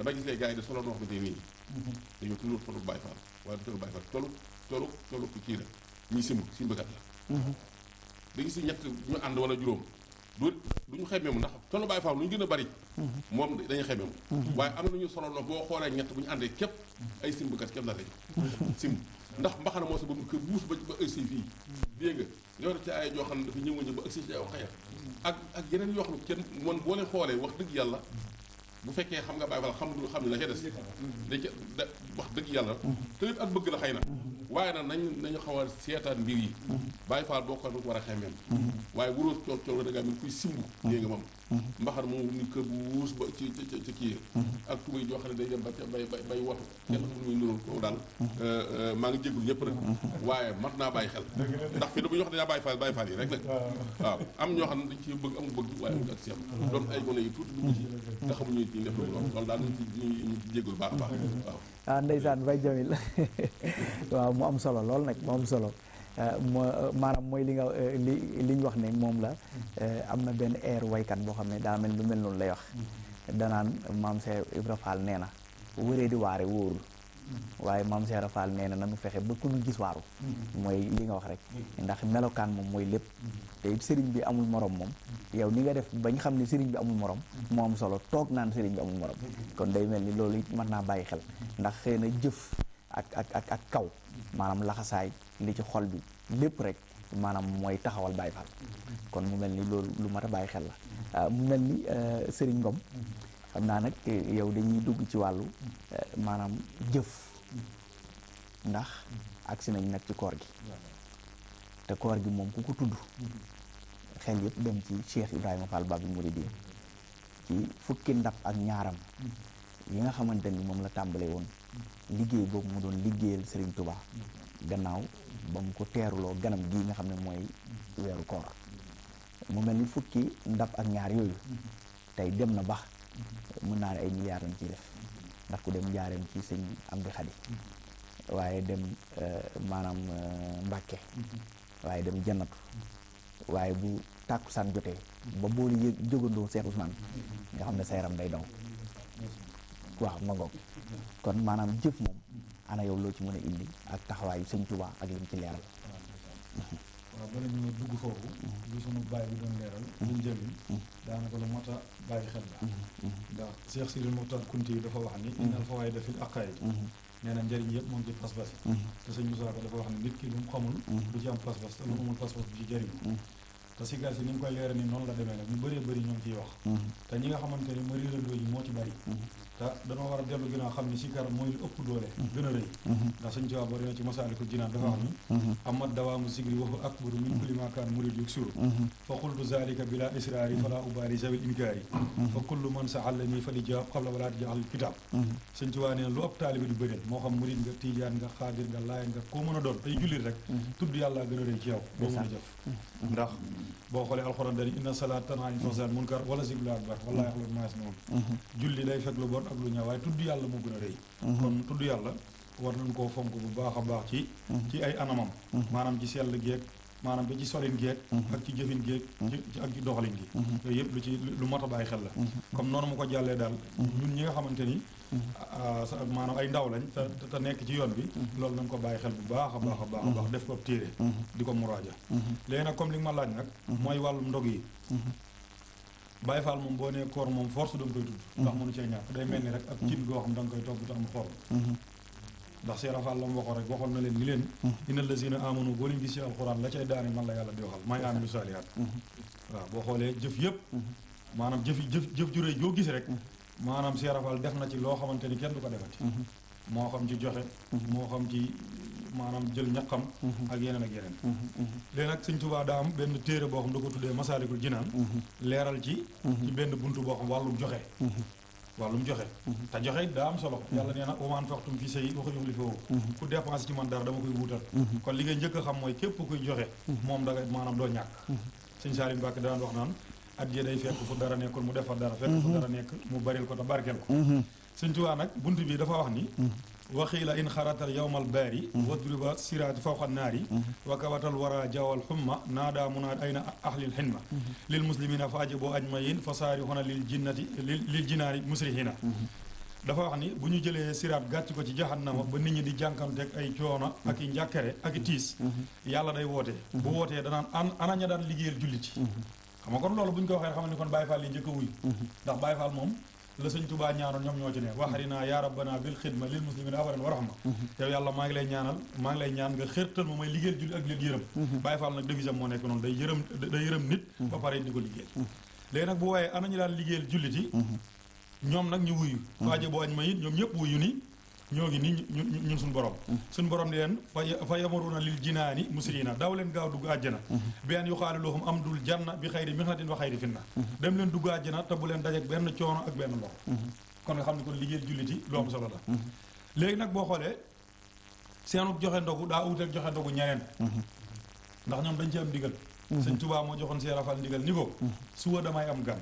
damay gis les gars yi de solo noo xamante ni mm-hmm. dañoo toujours tollu Baye bu wala tollu Baye Fall tollu tollu tollu kii la ñuy simb simbkat la mm-hmm. da gis ñett ñu ànd wala juróom du du ñu xemeemu ndax tollu Baye Fall lu ñu gën a bari mm-hmm. moom dañuy xemeemu waaye am na ñu solo noo boo xoolee ñett bu ñu àndee képp ay simbkat képp la lañu simb ndax mbaxana moo sa boobu kër buus ba ba ëgsi fii dégg nga yor ci ay yoo xam ne dafa ñëw ñëw ba ëgsi ci ay xaya ak ak yeneen yoo xam ne kenn man boo leen xoolee wax dëgg yàlla bu fekkee xam nga bàyyi wala xam xam ne la ca des da ca da wax dëgg yàlla te lépp ak bëgg la xëy na waaye nag nañ nañu xaw a seetaan mbir yi baay faal boo ko war a xemeem waaye wuroo coor coor da ngaa mel kuy simbu léegi moom mbaxar moomu nit kër bu wuus ba ci ci ci kii ak tubay joo xam ne day dem ba bay bay bay watu kenn xamul muy niroon kooku daal euh, maa ngi jégul ñëpp rek waaye mat naa bàyyi xel ndax fi da bu ñu wax dañaa bàyyi faal bàyyi faal yi rek nag waaw am ñoo xam ne dañ ci bëgg amu bëgg waaye ak seet doon ay gone yu tuuti dugg ci te xamuñu ci def loolu loolu daal nañ ci ñu jégul baax a baax waaw ah ndeysaan bay jamil waaw mu am solo lool nag mu am solo Euh, moo euh, maanaam mooy li nga euh, li li ñu wax ne moom la am na benn air waykat boo xam ne daa mel lu mel noonu lay wax danaan maam Cheikh Ibra Fall nee na wëree di waare wóorul waaye maam Cheikh nee na nanu fexe ba ku ñu gis waaru mooy li nga wax rek ndax melokaan moom mooy lépp te sëriñ bi amul moroom moom yow ni nga def bañ xam ne sëriñ bi amul morom moo solo toog naan sëriñ bi amul morom kon day mel ni loolu it mën naa bàyyi xel ndax xëy na jëf ak ak ak kaw maanaam laxasaay li ci xol bi lépp rek maanaam mooy taxawal Baay Faal kon mu mel ni loolu lu mat a bàyyi xel la ah, mu mel ni eh, Sëriñ Ngom xam naa nag eh, yow dañuy dugg ci wàllu eh, maanaam jëf ndax agsi nañ nag ci koor gi te koor gi moom ku ko tudd xel yëpp dem ci Cheikh Ibrahima mu Baabul Muridiin ci fukki ndab ak ñaaram yi nga xamante ni moom la tàmbale woon liggéey boobu mu doon liggéeyal sëriñ Touba gannaaw ba mu ko teeruloo ganam gi nga xam ne mooy weeru koor mu mel ni fukki ndab ak ñaar yooyu tey dem na bax mën naa ne ay milliards lañ ciy def ndax ku dem njaareem ci sëñ am di xadi waaye dem euh, maanaam euh, Mbàkke waaye dem jannatu waaye bu tàkkusaan jotee ba boolu yëg jógandoo Seex Usmaan nga xam ne sa yaram day daw waaw ma ngoog kon maanaam jëf moom ana yow loo ci mën a indi ak taxawaayu sëñ Tuubaa ak lim ci leeral waaw bala ñu dugg foofu mm-hmm. lu sunu bàyyi bi doon leeral mm-hmm. lu njëriñ mm-hmm. daanaka lu mat a bàyyi xel la ndax Cheikh Sidi Muxtar Kunti yi dafa wax ni innal fawaa'ida fil aqaa'id nee na njëriñ yëpp moom ci pas-pas yi te sëñ Moussa dafa wax ni nit ki lu mu xamul du ci am pas-pas te lu mu amul pas-pas du ci jëriñu te si gars yi ni ñu koy leeral ni noonu la demee nag ñu bëree bëri ñoom ciy wax te ñi nga xamante ni ma réerandoo moo ci bari te dañoo war a dellu ginnaaw xam ne sikar mooy ëpp doole gën a rëy ndax suñ tubaab bari na ci masaalikul jinaan dafa xam ni amat dawaamu sigri waxu akbaru min kulli ma kaan murid yug suru fa qultu zalika bila israari fala ubaari zawil inkaari fa kullu man saxallani fa li jaab xabla walaati jaxal kitaab suñ tubaab nee na lu ëpp taalibe di bëreel moo xam murid nga tijaan nga xaadir nga laay nga koo mën a doon ay jullit rek tudd yàlla gën a rëy ci yow boo mën a jëf ndax boo xoolee alxuraan dani inna salaat tanhaa anil fahsaa'i wal munkar wala zikru akbar wallaahi axlol maas moom julli day fekk lu bon ak lu ñaaw waaye tudd yàlla moo gën a rëy mhm. kon tudd yàlla war nañ koo fonk bu baax a baax ci mhm. ci ay anamam mhm. maanaam ci sell geeg maanaam ba ci solin geeg ak ci jëfin geeg ci ak ci doxalin gi yooyu yëpp lu ci lu mot a bàyyi xel la comme noonu mu ko jàllee daal ñun ñi nga xamante ni maanaam ay ndaw lañ te te nekk ci yoon bi loolu nañ ko bàyyi xel bu baax a baax a baax a baax def ko téere di ko muraaja léegi comme li ma laaj nag mooy wàllum ndog yi Baye Fall moom boo nee koor moom force danga koy tudd mhm. ndax mënu cee ñàkk day mel ni rek ak mhm. cin goo xam da koy togg te am forme mhm. ndax Seera la mu waxoon rek waxoon na leen ni leen inna lazina amanu boo leen gis ci alxuraan la cay daani man la yàlla di waxal may aamilu saalihaat waaw boo xoolee jëf yëpp maanaam jëf jëf jëf ju rëy joo gis rek maanaam Seera Fall na ci loo xamante ni kenn du ko defati moo xam ci joxe mm-hmm. moo xam ci maanaam jël ñaqam mm-hmm. ak yeneen ak yeneen mm-hmm. léegi nag sëñ Tuubaa daa am benn téere boo xam da ko tuddee Masaalikul Jinaan leeral ci ci benn buntu boo xam wàllum joxe wàllum joxe te joxe daa am solo yàlla nee na wamaan faxtum fi say wax yox li fi woo ku dépense ci man dara dama koy wuutal kon li ngay njëkk a xam mooy képp kuy joxe moom da nga maanaam doo ñàkk sëñ Saalim Mbàkke daan wax naan at day fekk fu dara nekkul mu defar dara fekk fu nekk mu baril ko te سنتو عنك بنتي بيدا فاهني وخيل إن خرط اليوم الباري وضرب سيرات فوق النار وكبت الورى جو الحمى نادى مناد أين أهل الحمى للمسلمين فأجبوا أجمعين فصاروا هنا للجنة للجنار مسرحين دفا واخني بونو جيلي سيرات غاتي كو سي جهنم با نيت ني دي جانكام ديك اي جونا اك نياكاري اك تيس يالا داي ووتي بو ووتي دا نان انا نيا دا ليغيل جوليتي خما كون لولو بونو كو واخي خما ني كون باي لسنج توبا نيانون نيوم نيو جي نه يا ربنا بالخدمه للمسلمين ابرا ورحمه تيو يالا ماغي لاي نيانال ماغي لاي نيان غا خيرتال موماي ليغيل جولي اك ليغ يرم باي فال نك ديفيزام مو نيك يرم داي يرم نيت با باراي ديغو انا ني لان ليغيل نيوم نك ني وويو واجي بو اني ماي نيوم ييب ñoo ngi nii ñu ñu ñun suñu borom suñu borom ni leen fa yamaruna lil jinaani musrina daw leen gaaw dugg àjjana bi an yuxaali lohum am dul janna bi xayri mixnatin wa xayri finna dem leen dugg àjjana te bu leen dajeek benn coono ak benn loxo kon nga xam ne kon liggéeyal julliti lu am solo la léegi nag boo xoolee seenu joxe ndogu daa wuuteeg joxe ndogu ñeneen ndax ñoom dañ ci am ndigal sëñ Tuubaa moo joxoon Seex Rafal ndigal ni ko suba damay am gan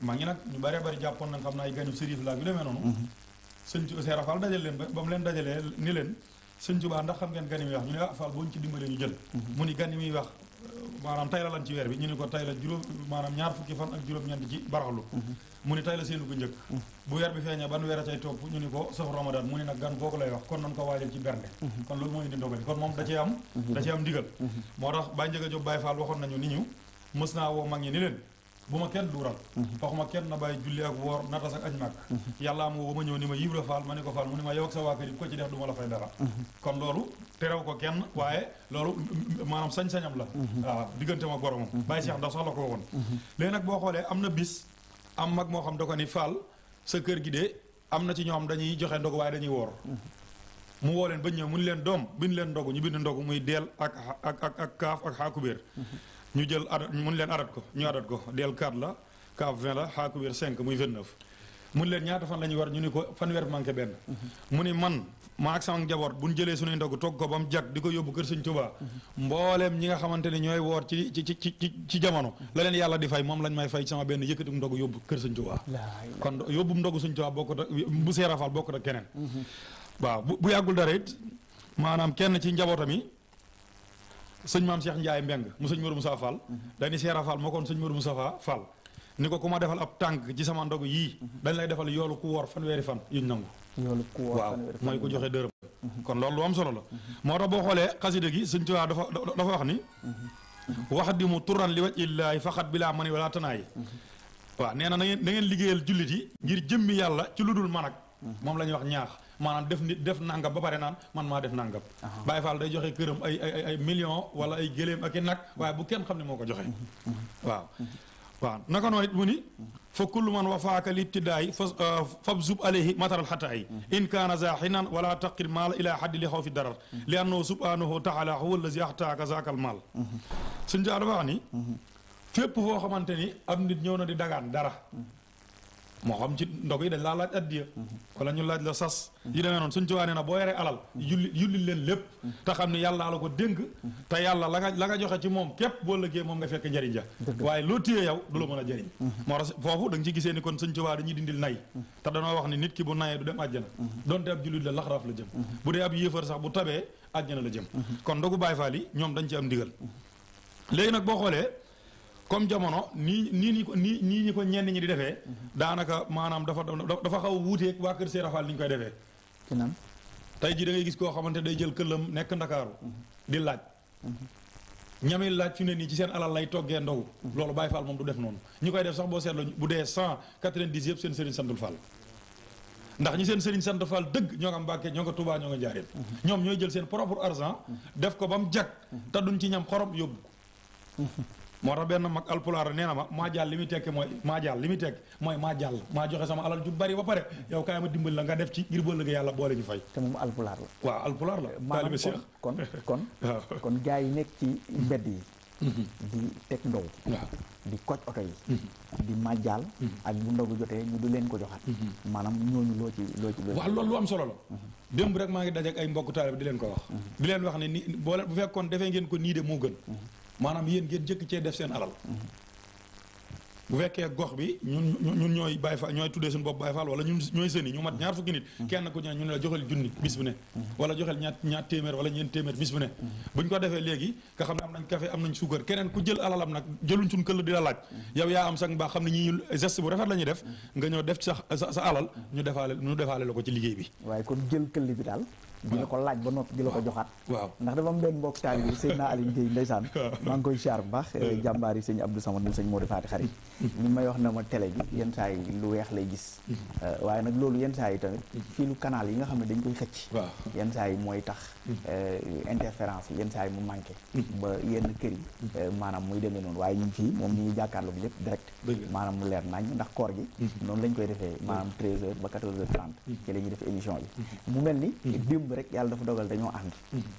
maa ngi nag ñu bëree bëri jàppoon nañ xam naa ay ganu sérif laa yu demee sëñ Tuubaa Seex Faal dajal leen ba mu leen dajalee ni leen sëñ Tuubaa ndax xam ngeen gan yi muy wax ñu ne ah Faal boo ñu ci dimbalee ñu jël mhm. mu ni gan yi muy wax maanaam tay la lan ci weer bi ñu ne ko tay la juróom maanaam ñaar fukki fan ak juróom-ñeent ci baraxlu mhm. mu ni tay la seenu ko njëkk mhm. bu weer bi feeñee ban weer a cay topp ñu ni ko sax ramadan mu ni nag gan kooku lay wax kon nan ko waajal ci bernde kon loolu moo indi ndogal kon moom da cee bu ma kenn duural faxuma mhm. kenn na bàyyi julli ak woor natas ak aj màkk mhm. yàllaa ma woo ma ñëw ni ma Ibra Faal ma ne ko Faal mu ne ma yow ak sa waa kër ko ci def du ma la fay dara mhm. kon loolu terew ko kenn waaye loolu maanaam sañ-sañam la waaw diggante ma boromam bàyyi seex ndax soxla ko woon léegi nag boo xoolee am na bis am mag moo xam da ko ni Faal sa kër gi de am na ci ñoo ñoom dañuy joxe ndogu waaye dañuy woor mu woo leen ba ñëw mu ni leen doom bind leen ndogu ñu bind ndogu muy deel ak ak ak ak kaaf ak ñu jël adat mun leen adat ko ñu adat ko del 4 la kaaf 20 la xaaku wér 5 muy 29 mun leen ñaata fan la ñu war ñu ni ko fanweer manqué benn mu ni man maa ak sama njaboot bu ñu jëlee suñuy ndog togg ko ba mu jag di ko yóbbu kër Sëñ Tuubaa mbooleem ñi nga xamante ne ñooy woor ci ci ci ci ci jamono la yàlla di fay moom lañ may fay sama benn yëkkati ndog yóbbu kër Sëñ Tuubaa kon yóbbu ndogu suñ Tuubaa bokkut ak bu seerafal bokkut ak keneen mhm. waaw bu yàggul dara it maanaam kenn ci njabootam yi sëñ maam Cheikh Ndiaye Mbeng mu sëñ Mourou Moussa Fall dañu Cheikh Fall moo koon sëñ Mourou Moussa Fall ni ko ku ma defal ab tànk ci sama ndog yii dañ lay defal ku fan yuñ nangu yoolu ku woor waaw mooy ku joxe kon loolu am solo la moo tax boo xoolee xasida gi sëñ Tuubaa dafa dafa wax ni wax di turan li waj illaahi bila mani wala wah wa nee na ligel ngeen di yi ngir jëmmi yalla ci lu dul man ak maanaam def nit def nangam ba pare naan man maa def nangam. Baye Fall day joxe këram ay ay ay wala ay gëléem ak i nag waaye bu kenn xam ne moo ko joxe. Mhm. Mhm. waaw waaw naka noonu it mu ni. fa kullu man wafaaka libtidaay fa uh, fab zub alayhi mataral xataay. Mhm. in kaana zaaxinan wala taqil maal ilaa xaddi li xaw fi darar. li annahu subhaanahu taala huwa allazi axtaaka zaakal maal. suñu jaar wax ni. fépp foo xamante ni am nit ñëw na di dagaan dara. moo xam ci ndog yi dañ laa laaj addiya wala ñu laaj la sas yu demee noonu suñ na boo yoree alal yulli yulli leen lépp te xam ne yàlla la ko dénk te yàlla la nga la nga joxe ci moom képp boo lëggee moom nga fekk njëriñ ja waaye loo téye yow du la mën a jëriñ moo tax foofu da nga ci gisee ni kon suñ tubaa dañuy dindil nay te danoo wax ni nit ki bu nayee du dem àjjana donte ab jullit la laxraaf la jëm bu dee ab yéefar sax bu tabee àjjana la jëm kon ndogu Baay Faal yi ñoom dañ ci am ndigal léegi nag boo xoolee comme jamono nii nii ñu ko nii nii ñu ko ñenn ñi di defee daanaka maanaam dafa dafa xaw a wuuteeg waa kër Seera Fall li ñu koy defee tey jii da ngay gis koo xamante day jël këllam nekk ndakaaru di laaj ñami laaj fi ne nii ci seen alal lay toggee ndogu loolu Baye Fall moom du def noonu ñi koy def sax boo seetloo bu dee cent quatre-vingt-dix yëpp seen sëriñ santul Fall ndax ñi seen sëriñ sant Fall dëgg ñoo nga Mbàkke ñoo nga Touba ñoo nga Njaaréem ñoom ñooy jël seen propre argent def ko ba mu jag te duñ ci ñam xorom yóbbu mo ra ben mak alpular neena ma ma jall limi tek moy ma jall limi tek moy ma jall ma joxe sama alal ju bari ba pare yow kay ma dimbal la nga def ci ngir bo leug yalla bo leñu fay te mom alpulaar la wa alpulaar la talib cheikh kon kon kon gaay yi nek ci mbedd yi mm-hmm. di tek ndaw di koj auto yi mm-hmm. di jall mm-hmm. ak bu ndogu jotee ñu du leen ko joxat manam ñoñu lo ci lo ci wa loolu lu am solo la demb rek ma ngi daje ak ay mbokk talib di leen ko wax di leen wax ni bo fekkon defé ngeen ko nii de moo gën maanaam yéen ngeen jëkk cee def seen alal mm-hmm. bu fekkee gox bi ñun ñun ñooy Baye Fall ñooy tuddee suñu bopp Baye Fall wala ñun ñooy sëni ñu mat ñaar fukki nit mm-hmm. kenn ku ci ne ñu ne la joxel junni bis bu ne mm-hmm. wala joxel téeméer wala ñeent téeméer bis bu ne ko defee léegi nga xam ne am nañ café am nañ suukar keneen ku jël alalam nag jëluñ suñ këll di la laaj yow yaa am sax mbaa xam ne ñu geste bu rafet la ñuy def nga ñëw def ci sa sa alal ñu defaale ñu defaale la ko ci liggéey bi waaye kon jël këll bi daal di la ko laaj ba noppi di la ko joxaat waaw ndax dafa am benn mbokk taalibe bi sëñ naa Alioune Guèye ndeysaan maa ngi koy siyaar baax jàmbaar yi sëñ Abdou Samad mu sëñ xarit ñu may wax na ma télé bi yenn saa yi lu weex lay gis waaye nag loolu yenn saa yi tamit fii lu canal yi nga xam ne dañ koy xëcc yenn saa yi mooy tax eh, interférence yenn saa yi mu manqué ba yenn kër yi eh, maanaam muy demee noonu waaye ñun fii moom ñu ngi jàkkaarloo bi lépp direct maanaam mu leer nañ ndax koor gi lañ koy defee maanaam 13 heures ba 14 rek yàlla dafa dogal dañoo ànd mm-hmm.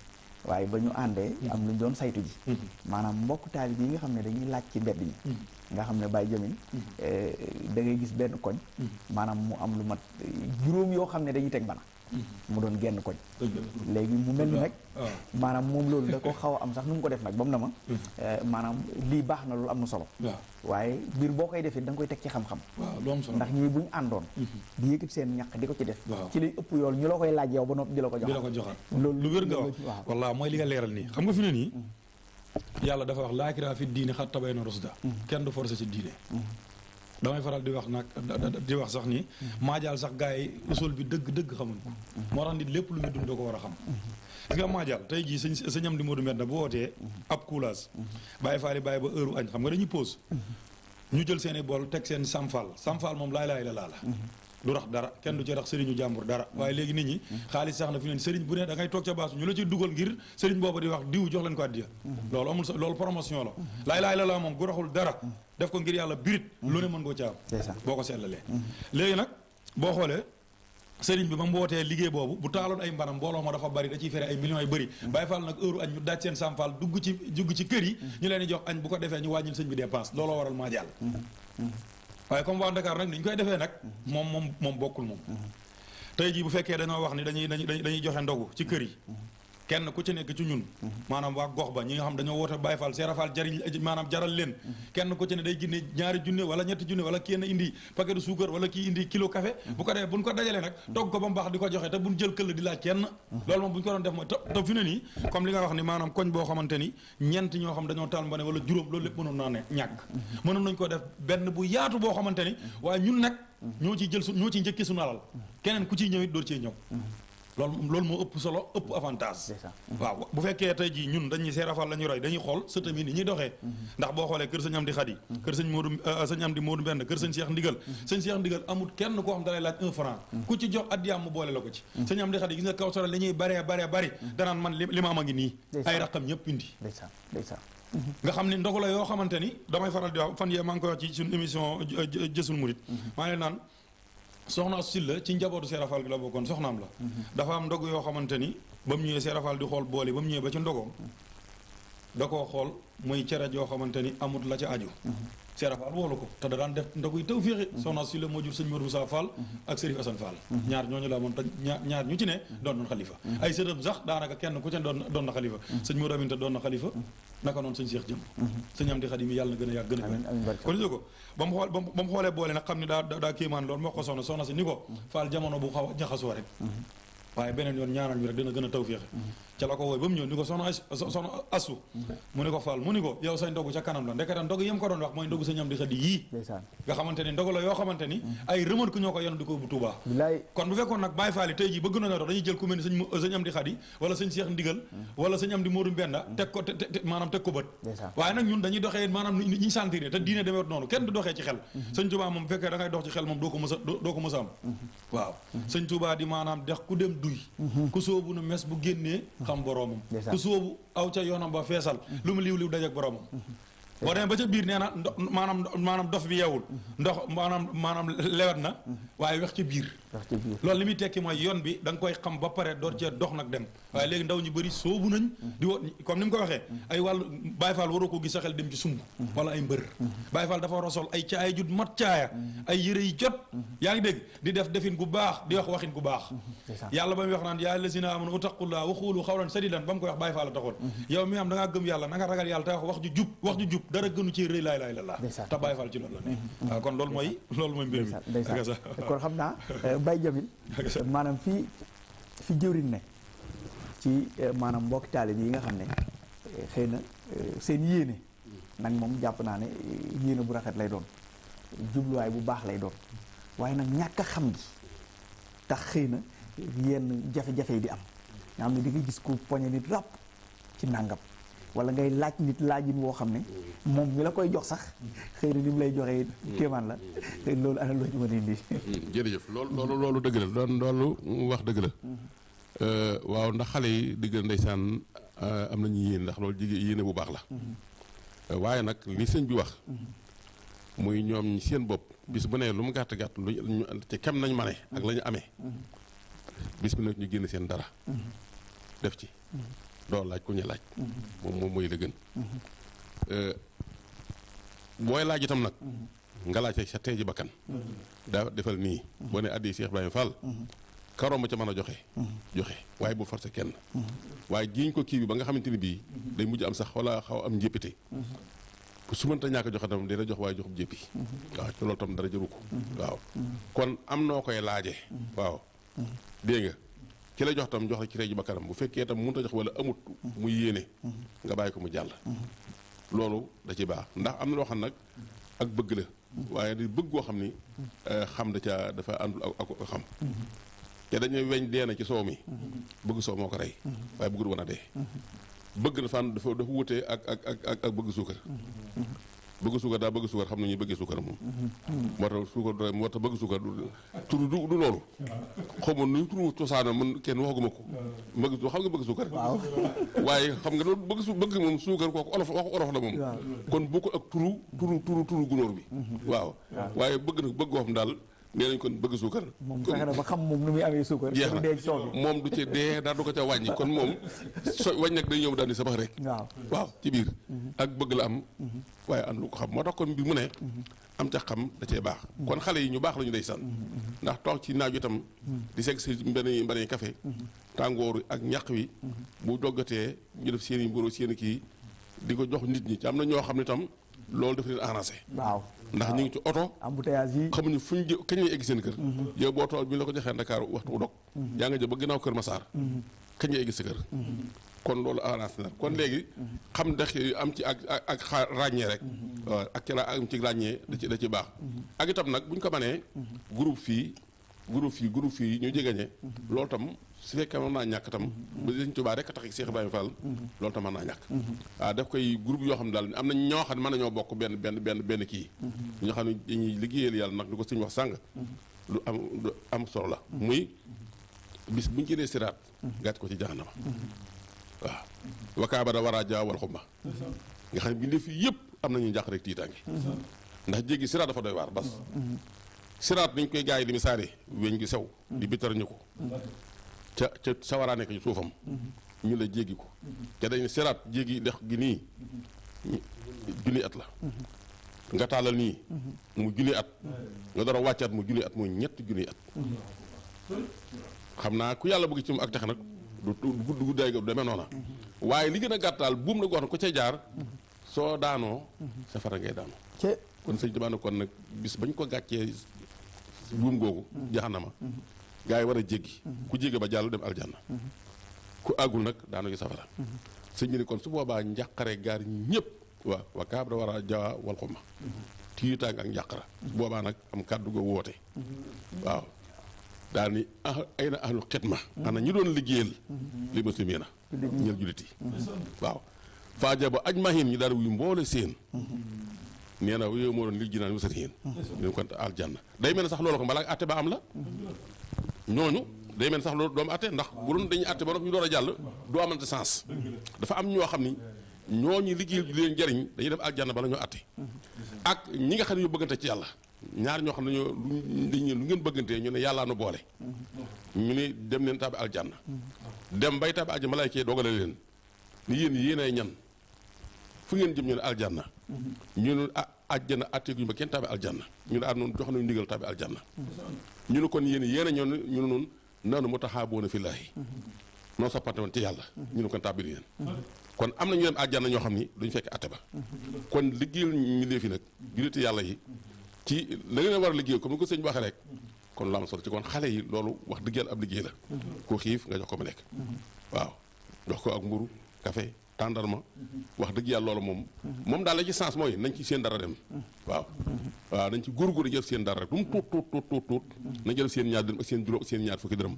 waaye ba ñu àndee mm-hmm. am lu ñu doon saytu ji mm-hmm. maanaam mbokk taali yi nga xam ne dañuy laaj ci mbedd ñi nga xam ne Baye Jamin eh, da ngay gis benn koñ maanaam mu am lu mat juróom yoo xam ne dañuy teg bana mu doon genn koñ léegi mu mel ni nag maanaam moom loolu da ko xaw am sax nu mu ko def nag ba mu na ma eh, maanaam lii baax na loolu am na solo waaye biir boo koy defee da nga koy teg ci xam-xam ndax ñii bu ñu àndoon mm-hmm. di yëkkati seen ñaq di ko ci def ci lay ëpp yool ñu la koy laaj yow ba noppi di la ko jox loolu lu wér nga wax wallaahi mooy li nga leeral nii yàlla dafa wax laa ikraaha fi diine xat tabayyana rusda kenn du forcé ci diine damay faral di wax nag di wax sax ni maajaal sax gars yi usul bi dëgg dëgg xamuñ ko moo tax nit lépp lu ñu dund da ko war a xam gis nga maajaal tey jii sëñ sëñ am di Modou Mbène bu wootee ab coulage bàyyi faali bàyyi ba heure añ xam nga dañuy pause ñu jël seeni bool teg seen samfal samfal moom laay laay la laa la du rax dara kenn du ci rax sëriñu jàmbur dara waaye léegi nit ñi xaalis sax na fi leen sëriñ bu nee da ngay toog ca baasu ñu la ci dugal ngir sëriñ booba di wax diw jox leen ko addiya loolu amul loolu promotion la laay ko ngir yàlla birit lu mën koo caab boo ko seetlalee léegi nag boo xoolee sëriñ bi ba mu wootee liggéey boobu bu taaloon ay mbanam mbooloo ma dafa bari da ciy fere ay millions yu bëri bàyyi faal nag heure añ ñu daaj seen sàmpaal dugg ci dugg ci kër yi ñu leen di jox añ bu ko defee ñu wàññil sëñ bi dépense looloo waral maa jàll waaye comme waa Dakar nag ni ñu koy defee nag moom moom moom bokkul moom mm-hmm. tey jii bu fekkee dañoo wax ni dañuy dañuy dañuy joxe ndogu ci kër yi mm-hmm. kenn ku ci nekk ci ñun maanaam waa gox ba ñi nga xam dañoo woote Baye Fall Seera Fall jariñ maanaam jaral leen kenn ku ci ne day génne ñaari junne wala wala kenn indi paquet de suukar wala kii indi kilo café bu ko defee buñ ko dajalee ko ba mu baax di ko joxe te buñ jël këll di laaj kenn loolu moom bu ñu ko doon def mooy te ne nii comme li nga wax ni maanaam koñ ñoo xam dañoo taal mbane wala juróom loolu lépp nañ ko def benn bu yaatu boo xamante ni waaye ñun nag ñoo ciy jël su ñoo ciy njëkkee suñu alal keneen ku ciy ñëw it door cee ñëw Lol loolu moo ëpp solo ëpp avantage waaw bu fekkee tey jii ñun dañuy seerafal la roy dañuy xool sëtam yi ni ñuy ndax boo xoolee kër di xadi kër sëñ Modou euh, am di Modou Mbend kër sëñ Cheikh Ndigal sëñ Cheikh Ndigal amul kenn koo xam dalay laaj un franc ku ci jox addiyaam mu boole la ci am di xadi gis nga kaw solo li ñuy bari danaan man li ngi nii ay raqam ñëpp indi nga xam ne ndogu la damay faral di wax fan ye mang ngi koy wax ci sun émission jësul mouride mhm. maa ngi soxna Sylla ci njabootu seerafal gi la bokkoon soxnaam la dafa am ndog yoo xamante ni ba mu ñëwee seerafal di xool boole ba mu ñëwee ba ci ndogoom da koo xool muy cere yoo xamante ni amut la ca aju Seera Fall woolu ko te da daan def ndaguy taw féexe soxna si la moo sëñ Modou Moussa Fall ak Sërif Assane Fall ñaar ñooñu laa moon te ñaar ñu ci ne doon doon xalifa ay sërëm sax daanaka kenn ku ci doon doon na xalifa sëñ Modou Aminta doon na xalifa naka noonu sëñ Seex Jëmb sëñ Amdi Xadim yi yàlla na gën a yàgg gën a kon li ko ba mu xoolee boole nag xam ne daa daa kéemaan loolu moo ko soxna soxna si ni ko Fall jamono rek waaye beneen yoon ñaanal ñu rek dina gën a tawféexe mm-hmm. ca la ko wooy ba mu ñëw ni ko soxna astu mu ne ko faal mu ni ko yow say ndogu ca kanam la ndekete ndog yëm ko doon wax mooy ndogu sa am di mm-hmm. euh, xadi wala sëñ Seex Ndigal mm-hmm. wala sëñ am di Moodu Mbenda teg ko maanaam teg ko bët waaye nag ñun dañuy doxee maanaam ñu sentir te diine demeewut noonu kenn du doxee ci xel sëñ Tuubaa moom fekkee da dox ci xel moom doo ko mës a am waaw sëñ Tuubaa di maanaam duy mhm. ku sóobu nu mes bu génnee xam boroomam ku sóobu aw ca yoonam ba feesal mhm. lu mu liw liw dajak boroomam mhm. boo ba ca biir nee na ndo maanaam maanaam dof bi yeewul ndox maanaam maanaam lewet na waaye wex ca biir loolu li muy tekki mooy yoon bi da nga koy xam ba pare door cee dox nag dem waaye léegi ndaw ñu bëri soobu nañ di woo comme ni mu ko waxee ay wàllu Baye Fall waroo ko gis sa xel dem ci sumb wala ay mbër Baye Fall dafa a ay caaya jut mat yaa ngi dégg di def defin gu baax di wax waxin gu baax yàlla ba muy wax naan yaa lazina amanu uttaqullaa wa xuulu xawlan sadidan ba mu koy wax Baye Fall taxoon yow mi am da ngaa gëm yàlla na nga ragal yàlla te wax wax ju jub wax ju jub dara gënu ci rëy laay laay la laa te Baye Jamil maanaam fii fi jëwriñ ne ci eh, maanaam mbokki taalib yi nga xam ne eh, xëy na eh, seen yéene nag moom jàpp naa ne yéene bu rafet lay doon jubluwaay bu baax lay doon waaye nag ñàkk a xam gi tax xëy na yenn jafe-jafe yi di am nga xam ne di nga gis ku poñe nit ràpp ci nàngam wala ngay laaj nit laajin woo xam ne moom mi la koy jox sax xëy na ni mu lay joxe kéemaan la xëy na loolu ana loo ci mën a indi hmm, jërëjëf loolu loolu dëgg la loolu wax dëgg la euh, waaw ndax xale yi digg ndeysaan euh, am nañu yéen ndax loolu jigéen yéene bu baax la euh, waaye nag li sëñ bi wax muy ñoom seen bopp bis bu ne lu mu gàtt gàtt lu ci kem nañ mane ak lañu ñu amee bis bu nekk ñu génn seen dara hmm. def ci hmm. doo laaj ku ñu laaj. Mm-hmm. moom moom mooy la gën. Mm-hmm. Euh, booy laaj itam nag. Mm-hmm. nga laaj sa tey ji bakkan. daa defal nii. boo nee addi Cheikh Ibrahima Fall. karoom ba ca mën a joxe. joxe waaye bu forcé kenn. waaye jiñ ko kii bi ba nga xamante ni bii. day mujj am sax wala xaw am njéppite. su mënta ñàkk joxe tam dina jox waaye joxub jéppi. waaw te tam dara jëru ko. waaw kon am noo koy laaje waaw dégg nga. ci la jox tam jox la ci reeju bakkanam bu fekkee tam mënut a jox wala amut mu yéene nga bàyyi ko mu jàll loolu da ci baax ndax am na loo xam nag ak bëgg la waaye di bëgg koo xam ni eh, xam da ca dafa àndul ak ak weñ dee ci soow mi bëgg soow moo ko rey waaye bëggul woon a dee bëgg dafa dafa wutee ak ak ak ak bëgg suukar bëgg suukar daa bëgg suukar xam nañu bëggee suukar moom moo tax suukar du moo tax bëgg suukar du tur du du loolu xawma nuy turu cosaana man kenn waxaguma ko bëgg xam nga bëgg suukar waaye xam nga loolu bëgg su bëgg moom suukar kooku olof waxu olof la moom kon bu ko ak turu turu turu gunóor bi mhm. waaw waaye bëgg na bëgg xam daal nee nañ kon bëgg suukar. moom fexe na ba xam moom nu muy amee suukar. jeex na moom du ci dee daal du ko ca wàññi kon moom so wàññi nag dañuy ñëw daal di sabax rek. waaw waaw ci biir. Mhm. ak bëgg la am. Mhm. waaye am lu ko xam moo tax kon bi mu ne. Mhm. am ca xam da cee baax. kon xale yi ñu baax lañu ñu day san ndax toog ci naaj itam. di segg si mbenn mbenn café. tàngoor ak ñaq wi. bu doggatee ñu def seen i mburu seen kii di ko jox nit ñi ci am na ñoo xam ne tam. loolu daf leen arrangé. waaw ndax ñu ngi ci oto. embouteillage yi xamuñu fuñ jë kañ lay egg seen kër. Mhm. yow boo tool bi ñu la ko joxee Dakar waxtu bu dog. Mhm. yaa nga jëm ba ginnaaw Kër Massar. Mhm. kañ lay egg sa kër. kon loolu arrangé nag kon léegi. xam ndax am ci ak ak ràññee rek. waaw ak ci ci ràññee da ci da ci baax. ak itam nag buñ ko mënee. groupe fii. groupe yi groupe yi ñu jegeñee loolu tam su fekkee mën naa ñàkk tam bu Sëñ Tuubaa rek tax Cheikh Ibrahima Fall loolu tam mën naa ñàkk waaw daf koy groupe yoo xam ne daal am na ñoo xam ne mën nañoo bokk benn benn benn benn kii ñu xam ne dañuy liggéeyal yàlla nag lu ko sëñ wax sàng lu am lu am solo la muy bis bu ñu siraat gàtt ko ci jaxanama waaw wakaabada war a jaawal xumma nga xam ne bi ndef yëpp am nañu njàq rek tiitaange ndax jéggi siraat dafa doy waar bas siraat niñ koy gaa yi di misaare weñ gi sew di bitar ñu ko ca ca sawaraa nekk suufam ñu la jéggi ko ca dañ siraat jéggi dex gi nii junni at la nga taalal nii mu junni at nga door a wàccaat mu junni at mooy ñett junni at xam naa ku yàlla bëgg ci mu ak tax nag du gudd guddaay ga du demee noona waaye li gën a gàttaal buum na goo xam ko ca jaar soo daanoo safara ngay daanoo kon sëñ Tuubaa kon nag bañ ko gàccee buum googu jaxanama gaa yi war a jéggi ku jéggi ba jàll dem aljana ku àggul nag daanu ngi safara sëñ bi ne kon su boobaa njàqare gaar ñëpp waa waa kaabra war a jawaa wal xuma tiitaang ak njàqara su boobaa nag am kàddu go woote waaw daal ni ah ay na ahlul xidma ana ñu doon liggéeyal li muslimiina ñeel jullit yi waaw faaja aj mahin ñu daal wuy mboole seen nee naa yow moo doon lil jinaan wasat yéen dina mm-hmm. ko aljanna day mel ne sax loolu ko balaa atte ba am la mm-hmm. ñooñu day mel sax loolu doomu atte ndax bu doon dañuy atte ba ñu door a jàll du amante sens dafa am ñoo xam ni ñooñu liggéey bi leen jariñ dañuy def aljanna bala ñoo atte mm-hmm. ak ñi nga xam ne ñoo bëggante ci yàlla ñaar ñoo xam ne ñoo dañu lu ngeen bëggantee ñu ne yàllaa nu boole ñu ne dem leen taabi aljanna dem bay taabi aljanna malaayka yi doogale leen ni yéen yéen ay ñan ngeen jëm ñu ne aljanna ñu ne ah àjjana atteeguñu ba kenn tàbbi aljanna ñu ne ah noonu jox nañu ndigal tàbbi aljanna ñu ne kon yéen yéen a ñu ne noonu nanu mu taxaaboona fi laahi noonu soppante ci yàlla ñu ne kon tàbbi yéen kon am na ñu dem àjjana ñoo xam ni duñu fekk atte ba kon liggéeyal mbindéef yi nag julliti yàlla yi ci la ngeen war a liggéey comme ko sëñ waxee rek kon la am solo ci xale yi loolu wax dëgg yàlla ab liggéey xiif nga jox ko mu nekk waaw jox ko ak mburu café tàndarma wax dëgg yàlla loolu moom moom daal la ci sens mooy nañ ci seen dara dem waaw waaw nañ ci góorgóorlu jël seen dara rek du mu tuut tuut tuut tuut tuut na jël seen ñaar dërëm ak seen juróom ak seen ñaar fukki dërëm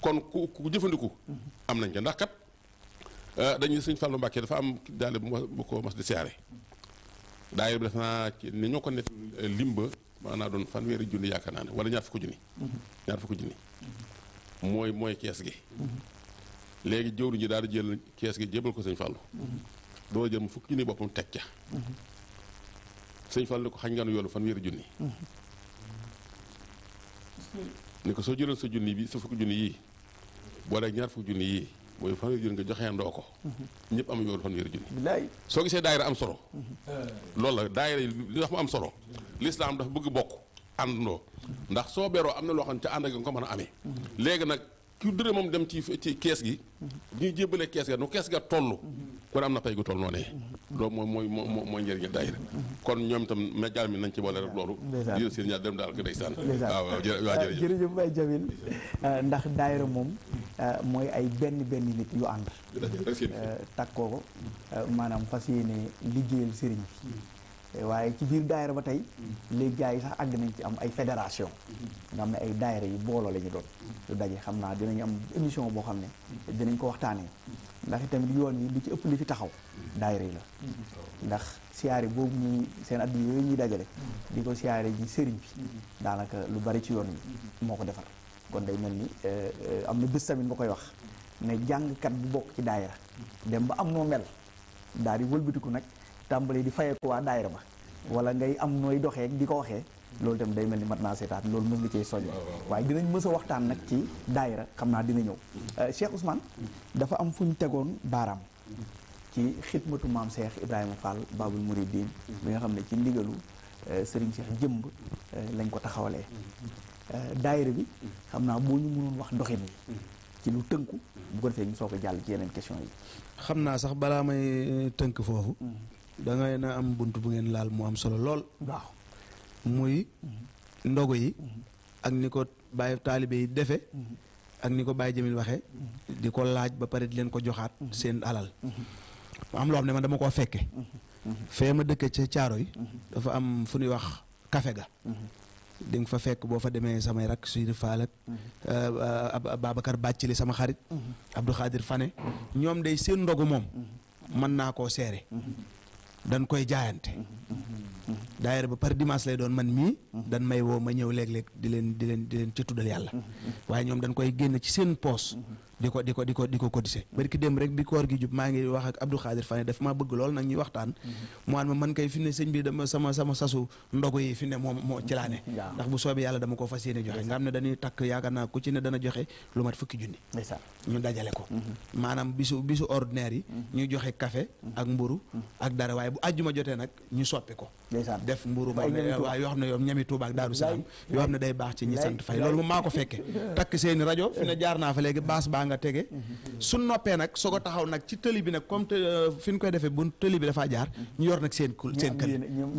kon ku ku jëfandiku am nañ ko ndax euh, dañuy sëñ Fallou Mbacke dafa am daale bu ko mas di siyaare daayir bi def naa ci ni ñoo ko nekk euh, limba maanaa doon fanweeri junni yaakaar naa ne wala ñaar fukki junni ñaar fukki junni mooy mooy kees gi léegi jëwriñ ji daal di jël kees gi jébal ko sëñ Fallou doo jëm fukk junni boppam teg ca sëñ Fallou ni ko xañ nga yoolu fan wéeru junni ni ko soo jëloon sa junni bi su fukk junni yii booleeg ñaar fukki junni yii mooy fanweeri junni nga joxee ndoo ko ñëpp am yoolu fanweeri junni soo gisee daayira am solo loolu la daayira li tax mu am solo lislaam dafa bëgg bokk àndandoo ndax soo beroo am na loo xam ne ca ànd ak nga ko mën a amee léegi nag ku dërëmam dem ci ci kees gi ñuy jébbale kees ga nu kees ga toll kon am na pay gu toll noonu loolu mooy mooy moo mooy njëriñu daayira kon ñoom itam médial mi nañ ci boole rek loolu yéen seen ñaar dem daal ko ndeysaan waaw waaw jërëjëf jërëjëf Baye Jamil euh, ndax daayira moom euh, mooy ay benn benn nit yu ànd euh, takkoo ko maanaam fas yéene liggéeyal sëriñ bi Eh, waaye ci biir daayira ba tey léegi gars yi sax àgg nañ ci am ay fédération nga xam ne ay daayira yi booloo lañu doon lu daje xam naa dinañ am émission boo xam ne dinañ ko waxtaanee ndax itamit yoon yi lu ci ëpp li fi taxaw daayira yi la ndax siyaare boobu ñuy seen at yooyu ñuy dajale di ko siyaare ji sëriñ bi daanaka lu bari ci yoon yi moo ko defar kon day mel ni eh, eh, am na bés tamit ba koy wax ne jàngkat bu bokk ci daayira dem ba am noo mel daal di wëlbatiku nag tàmbali di ko waa daayira ba wala ngay am nooy doxee di ko waxee loolu tamit day mel ni mat naa seetaat loolu mës nga cee soññe waaye dinañ mës waxtaan nag ci daayira xam naa dina ñëw euh, Cheikh Ousmane dafa am fu ñu tegoon baaraam ci xidmatu maam Cheikh Ibrahima Fall baabul Mouridine bi nga xam ne ci ndigalu euh, Serigne Cheikh jëmb euh, lañ ko taxawalee daayira bi xam naa boo ñu mënoon wax doxin wi ci lu tënku bu ko defee ñu soo ko jàll ci yeneen question yi xam naa sax balaa may tënk foofu hmm. da ngay na am bunt bu ngeen laal mu am solo lool. waaw muy mm-hmm. ndogu yi. Mm-hmm. ak ni ko bàyyi taalibe yi defe mm-hmm. ak ni ko bàyyi jëmil waxe di ko laaj ba pare di leen ko joxaat. seen alal. am loo xam ne man dama koo fekke fee ma dëkk ci caaro yi. dafa am fu ñuy wax kafe ga. di fa fekk boo fa demee samay rak suy faal ak euh, euh, Babacar Bàccili sama xarit. Abdou Khadir Fane. ñoom day seen ndogu moom. mën naa koo seere. dañ koy jaayante daayira ba par dimanche lay doon man mii dan may woo ma ñëw léeg-léeg di leen di leen di leen ci dal yàlla waaye ñoom dañ koy génn ci seen poos di ko di ko di ko di ko cotiser bari ki dem rek bi koor gi jub maa ngi wax ak Abdou Khadir Fane daf maa bëgg lool nag ñuy waxtaan mm-hmm. mu aan ma man kay fi ne sëñ bi dama sama sama sasu ndogu yi fi ne moom moo ci laa ne ndax bu soobee yàlla dama ko fas yéene joxe nga xam ne dañuy takk yaakaar naa ku ci ne dana joxe lu mat fukki junni ñu dajale ko mm-hmm. maanaam bisu bisu ordinaire yi mm-hmm. ñu joxe café ak mburu ak dara waaye bu àjjuma jotee nag ñu soppi ko def mburu ba waaw yoo xam ne yow ñami Tuuba ak Daaru Salaam yoo xam ne day baax ci ñi sant fay loolu moom maa ko fekke takk seeni rajo fi ne jaar naa fa léegi baas baa nga tege su noppee nag soog ko taxaw nag ci tëli bi nag comme euh, fi nu koy defee bu tëli bi dafaa jaar ñu yor nag seen seen kër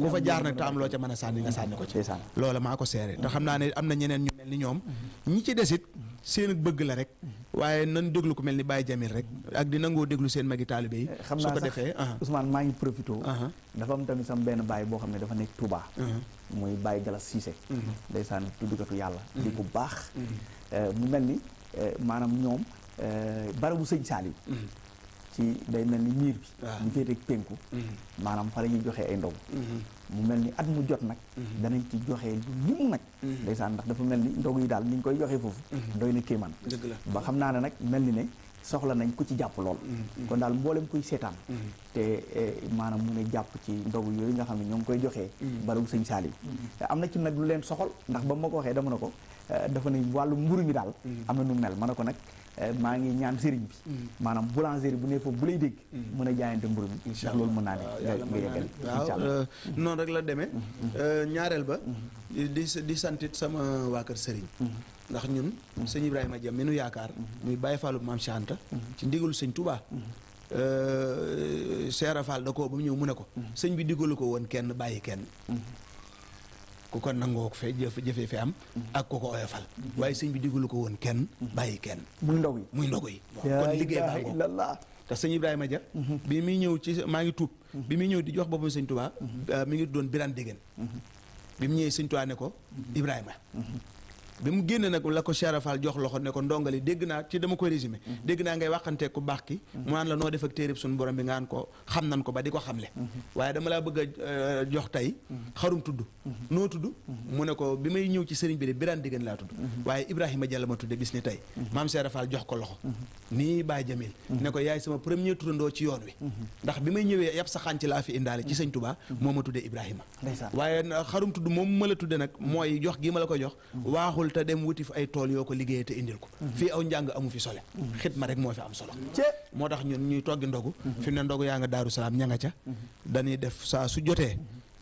ku fa jaar nag te am loo ca sànni nga sànni ko ci loola maa ko seere te xam naa ne am na ñeneen ñu mel ni ñoom ñi ci desit seen bëgg la rek waaye nan déglu ku mel ni Baye Jamil rek ak di nangoo déglu seen magi taalibe yi eh, xam naa sax ah. Ousmane maa ngi profité uh-huh. dafa am tamit sam benn baay boo xam ne dafa nekk Touba uh-huh. muy Baye Galas Cissé uh-huh. ndeysaan tuddukatu yàlla di bu baax eh, mu mel ni eh, maanaam ñoom Euh, barabu sëñ saali mm-hmm. ci day mel ni miir bi ñu ah. féete ak mm-hmm. maanaam fa la ñuy joxee ay ndogu mm-hmm. mu mel ni at mu jot nag danañ ci joxe lu lim nag day ndeysaan ndax dafa mel ni ndogu yi daal ni koy joxee foofu doy na kéemaan ba xam naa ne nag mel ni ne soxla nañ ku ci jàpp lool kon daal mboolem kuy seetaan te eh, maanaam mu a jàpp ci ndogu yooyu nga xam ne ñoo ngi koy joxee barabu sëñ Saaliw am na ci nag lu leen soxol ndax ba ma ko waxee dama na ko eh, dafa ne wàllu mburu mi daal am na nu mel ma ne ko nag Eh, maa ngi ñaan sëriñ bi mm. maanaam boulangerie bu ne foofu bu lay dégg mm. mën a jaayante mburu bi ndax loolu mën naa ne nga yeggal waaw eh, noonu rek la demee mm-hmm. eh, ñaareel ba mm-hmm. di di santit sama waa kër sëriñ mm-hmm. ndax ñun sëñ Ibrahima Dia mi nu yaakaar muy bàyyi Fallou Maam Cheikh Anta ci ndigalu sëñ tubaa Cheikh Fall da ko ba ñëw mu ne ko sëñ bi digalu ko woon kenn bàyyi kenn ko ko nangoo fe jëf jëfee fi am ak ku ko oyofal waaye sëñ bi digalu ko woon kenn bàyyi kenn muy ndog yi muy ndog yi kon liggéey baa ngoog te sëñ Ibrahima Dia bi muy ñëw ci maa ngi tuub bi muy ñëw di jox boppam sëñ Tuubaa mi ngi doon Birane Dégène bi mu ñëwee sëñ Tuubaa ne ko Ibrahima bi mu génnee nag la ko Cheikh Fall jox loxo ne ko ndongali dégg naa ci dama koy résimé mhm. dégg naa ngay waxantee ku baax ki mhm. mu naan la noo def ak téereb suñu borom bi ngaan ko xam nan ko ba di ko xam xamle mhm. waaye dama laa bëgg a euh, jox tey xarum tudd noo tudd mu ne ko bi may ñëw ci sëriñ bi de biraan diggéen laa tudd waaye Ibrahima Jàlla ma tudde bis ni tey maam Cheikh Fall jox ko loxo nii Baye Jamil ne ko yaay sama premier turandoo ci yoon wi ndax bi may ñëwee yàpp sa xànc laa fi indaale ci sëñ moo ma tuddee Ibrahima waaye xarum tudd moom ma la tudde nag mooy jox gi ma la ko jox te dem wuti fi ay tool yoo ko liggéeyee te indil ko fii aw njàng amu fi sole ma rek moo fi am solo moo tax ñun ñuy toggi ndogu fi mu ne ndogu yaa nga daaru salaam ña nga ca dañuy def saa su jotee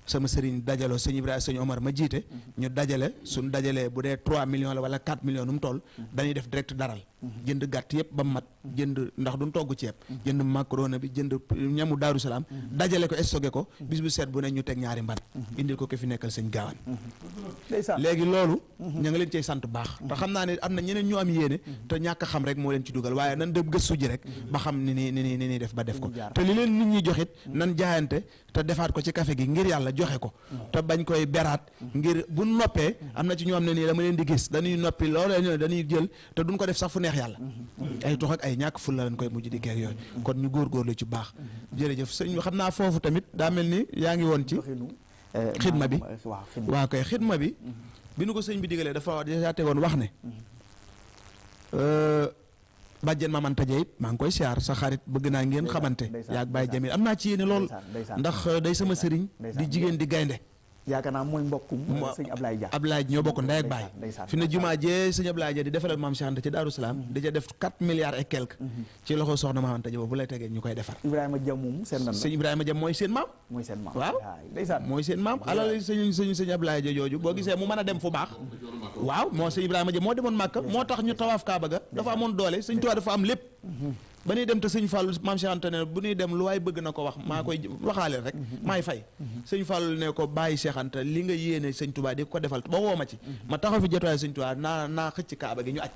sama sëriñ dajaloo sëñ Ibrahima sëñ Omar ma jiite ñu dajale suñ dajalee bu dee 3 millions la wala 4 millions nu mu toll dañuy def direct daral jënd gàtt yëpp ba mat mm-hmm. jënd ndax duñ togg ceeb mm-hmm. jënd macaroni bi jënd ñamu daaru salaam mm-hmm. dajale ko stocké ko bis bu seet bu ne ñu teg ñaari mban indil ko ko fi nekkal sëñ gaawaan léegi loolu ña nga leen cey sant baax te xam naa ne am na ñeneen ñu am yéene te ñàkk xam rek moo leen ci dugal waaye nan dem gëstu ji rek ba xam ni ni ni ni def ba def ko te li leen nit ñi joxit nan jaayante te defaat ko ci café gi ngir yàlla joxe ko te bañ koy beraat ngir bu noppee am na ci ñoo am ne nii dama leen di gis dañuy noppi loolu dañuy jël neex yàlla ay ay ñàkk fulla lañ koy mujj di keek yooyu kon ñu góorgóorlu ci baax jërëjëf sëñ xam naa foofu tamit daa mel ni yaa ngi woon ci xidma bi eh, waaw kay xidma bi mm-hmm. bi nu ko sëñ bi digalee dafa yaa woon wax ne mm-hmm. euh, bàjjen ma man taje maa ngi koy siyaar sa xarit bëgg naa ngeen xamante yaag bàyyi jamil am naa ci yéene lool ndax euh, day sama sëriñ di jigéen di gaynde yaakaar naa mooy mbokkum sëñ Ablaye Dia Ablaye ñoo bokk ndey ak baay fi na jumaa jee sëñ Ablaye di defaral maam Cheikh Anta mm-hmm. di ca mm-hmm. maam seen nan mooy seen maam mooy seen waaw mooy seen maam alal sëñ sëñ sëñ Ablaye jooju boo gisee mu mën a dem fu baax waaw moo sëñ Ibrahima Dia moo demoon Màkka moo tax ñu tawaaf Kaaba ga dafa amoon doole sëñ Tuubaa dafa am lépp mm-hmm. ba ñuy dem te sëñ Fallou maam Cheikh Anta ne bu ñuy dem lu waay bëgg na ko wax maa koy waxaale rek maay fay sëñ Fallou ne ko bàyyi Cheikh li nga yéene sëñ Touba di ko defal ba woo ma ci ma taxaw fi jotaay sëñ Touba naa naa xëcc kaaba gi ñu aj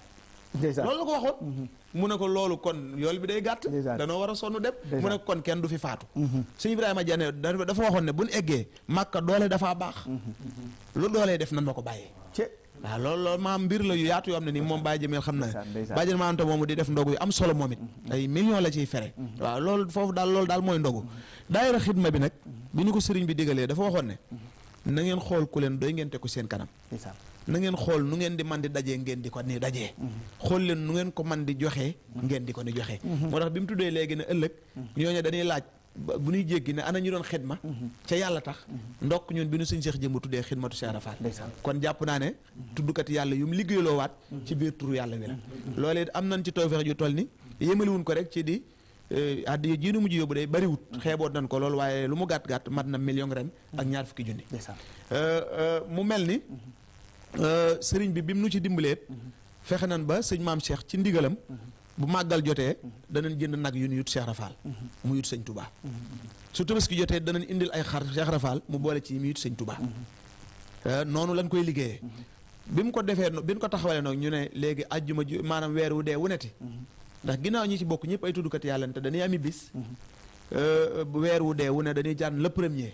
loolu la ko waxoon mu ne ko loolu kon yool bi day gàtt danoo war a sonn dem mu ne ko kon kenn du fi faatu mhm. sëñ Ibrahima Diané dafa waxoon ne bu nu eggee màkk doole dafaa baax mhm. lu doolee def nan ma ko bàyyi waaw loolu loolu maam mbir la yu yaatu yoo xam ne nii moom Baye Jamil xam na bàjjen maam Anta moomu di def am solo moom it mm-hmm. Mm-hmm. ay millions la ciy fere mm-hmm. waaw loolu foofu daal loolu daal mooy ndogu daayira xidma bi nag bi ñu ko sëriñ bi digalee dafa waxoon ne na ngeen xool ku leen doy ngeen te seen kanam na ngeen xool nu ngeen di man di dajee ngeen di ko ni dajee xool leen nu ngeen ko man di joxe ngeen di ko ni joxe moo tax bi mu tuddee léegi ne ëllëg ñooñu dañuy laaj bu ñuy jéggi ne ana ñu doon xidma ca yàlla tax ndokk ñun bi nu suñ seex jëmba tuddee xidmatu Cheikh Rafal kon jàpp naa ne tuddkat yàlla yu mu liggéeyloo waat ci biir turu yàlla bi la loolee am na ci tawfeex ju toll ni yémaliwun ko rek ci di addi eh, ji nu mujj yóbbu day bariwut xeeboot nañ ko lool waaye lu mu gàtt gàtt mat na million ren ak ñaar fukki junni eh, eh, mu mel ni sëriñ bi bi mu nu ci dimbaleet fexe nan ba sëñ maam Cheikh ci ndigalam bu màggal jotee danañ jënd nag yu ñu yut Cheikh Rafaal mu yut sëñ Touba su tabaski jotee danañ indil ay xar Cheikh mu boole ci yi mu yut sëñ Touba noonu lañ koy liggéeyee bi mu ko defee bi ñu ko taxawalee nag ñu ne léegi ajjuma ji maanaam weer wu dee wu ne neti ndax ginnaaw ñi ci bokk ñëpp ay tuddukat yàlla te dañuy ami bis euh, weer wu dee wu ne dañuy jaan le premier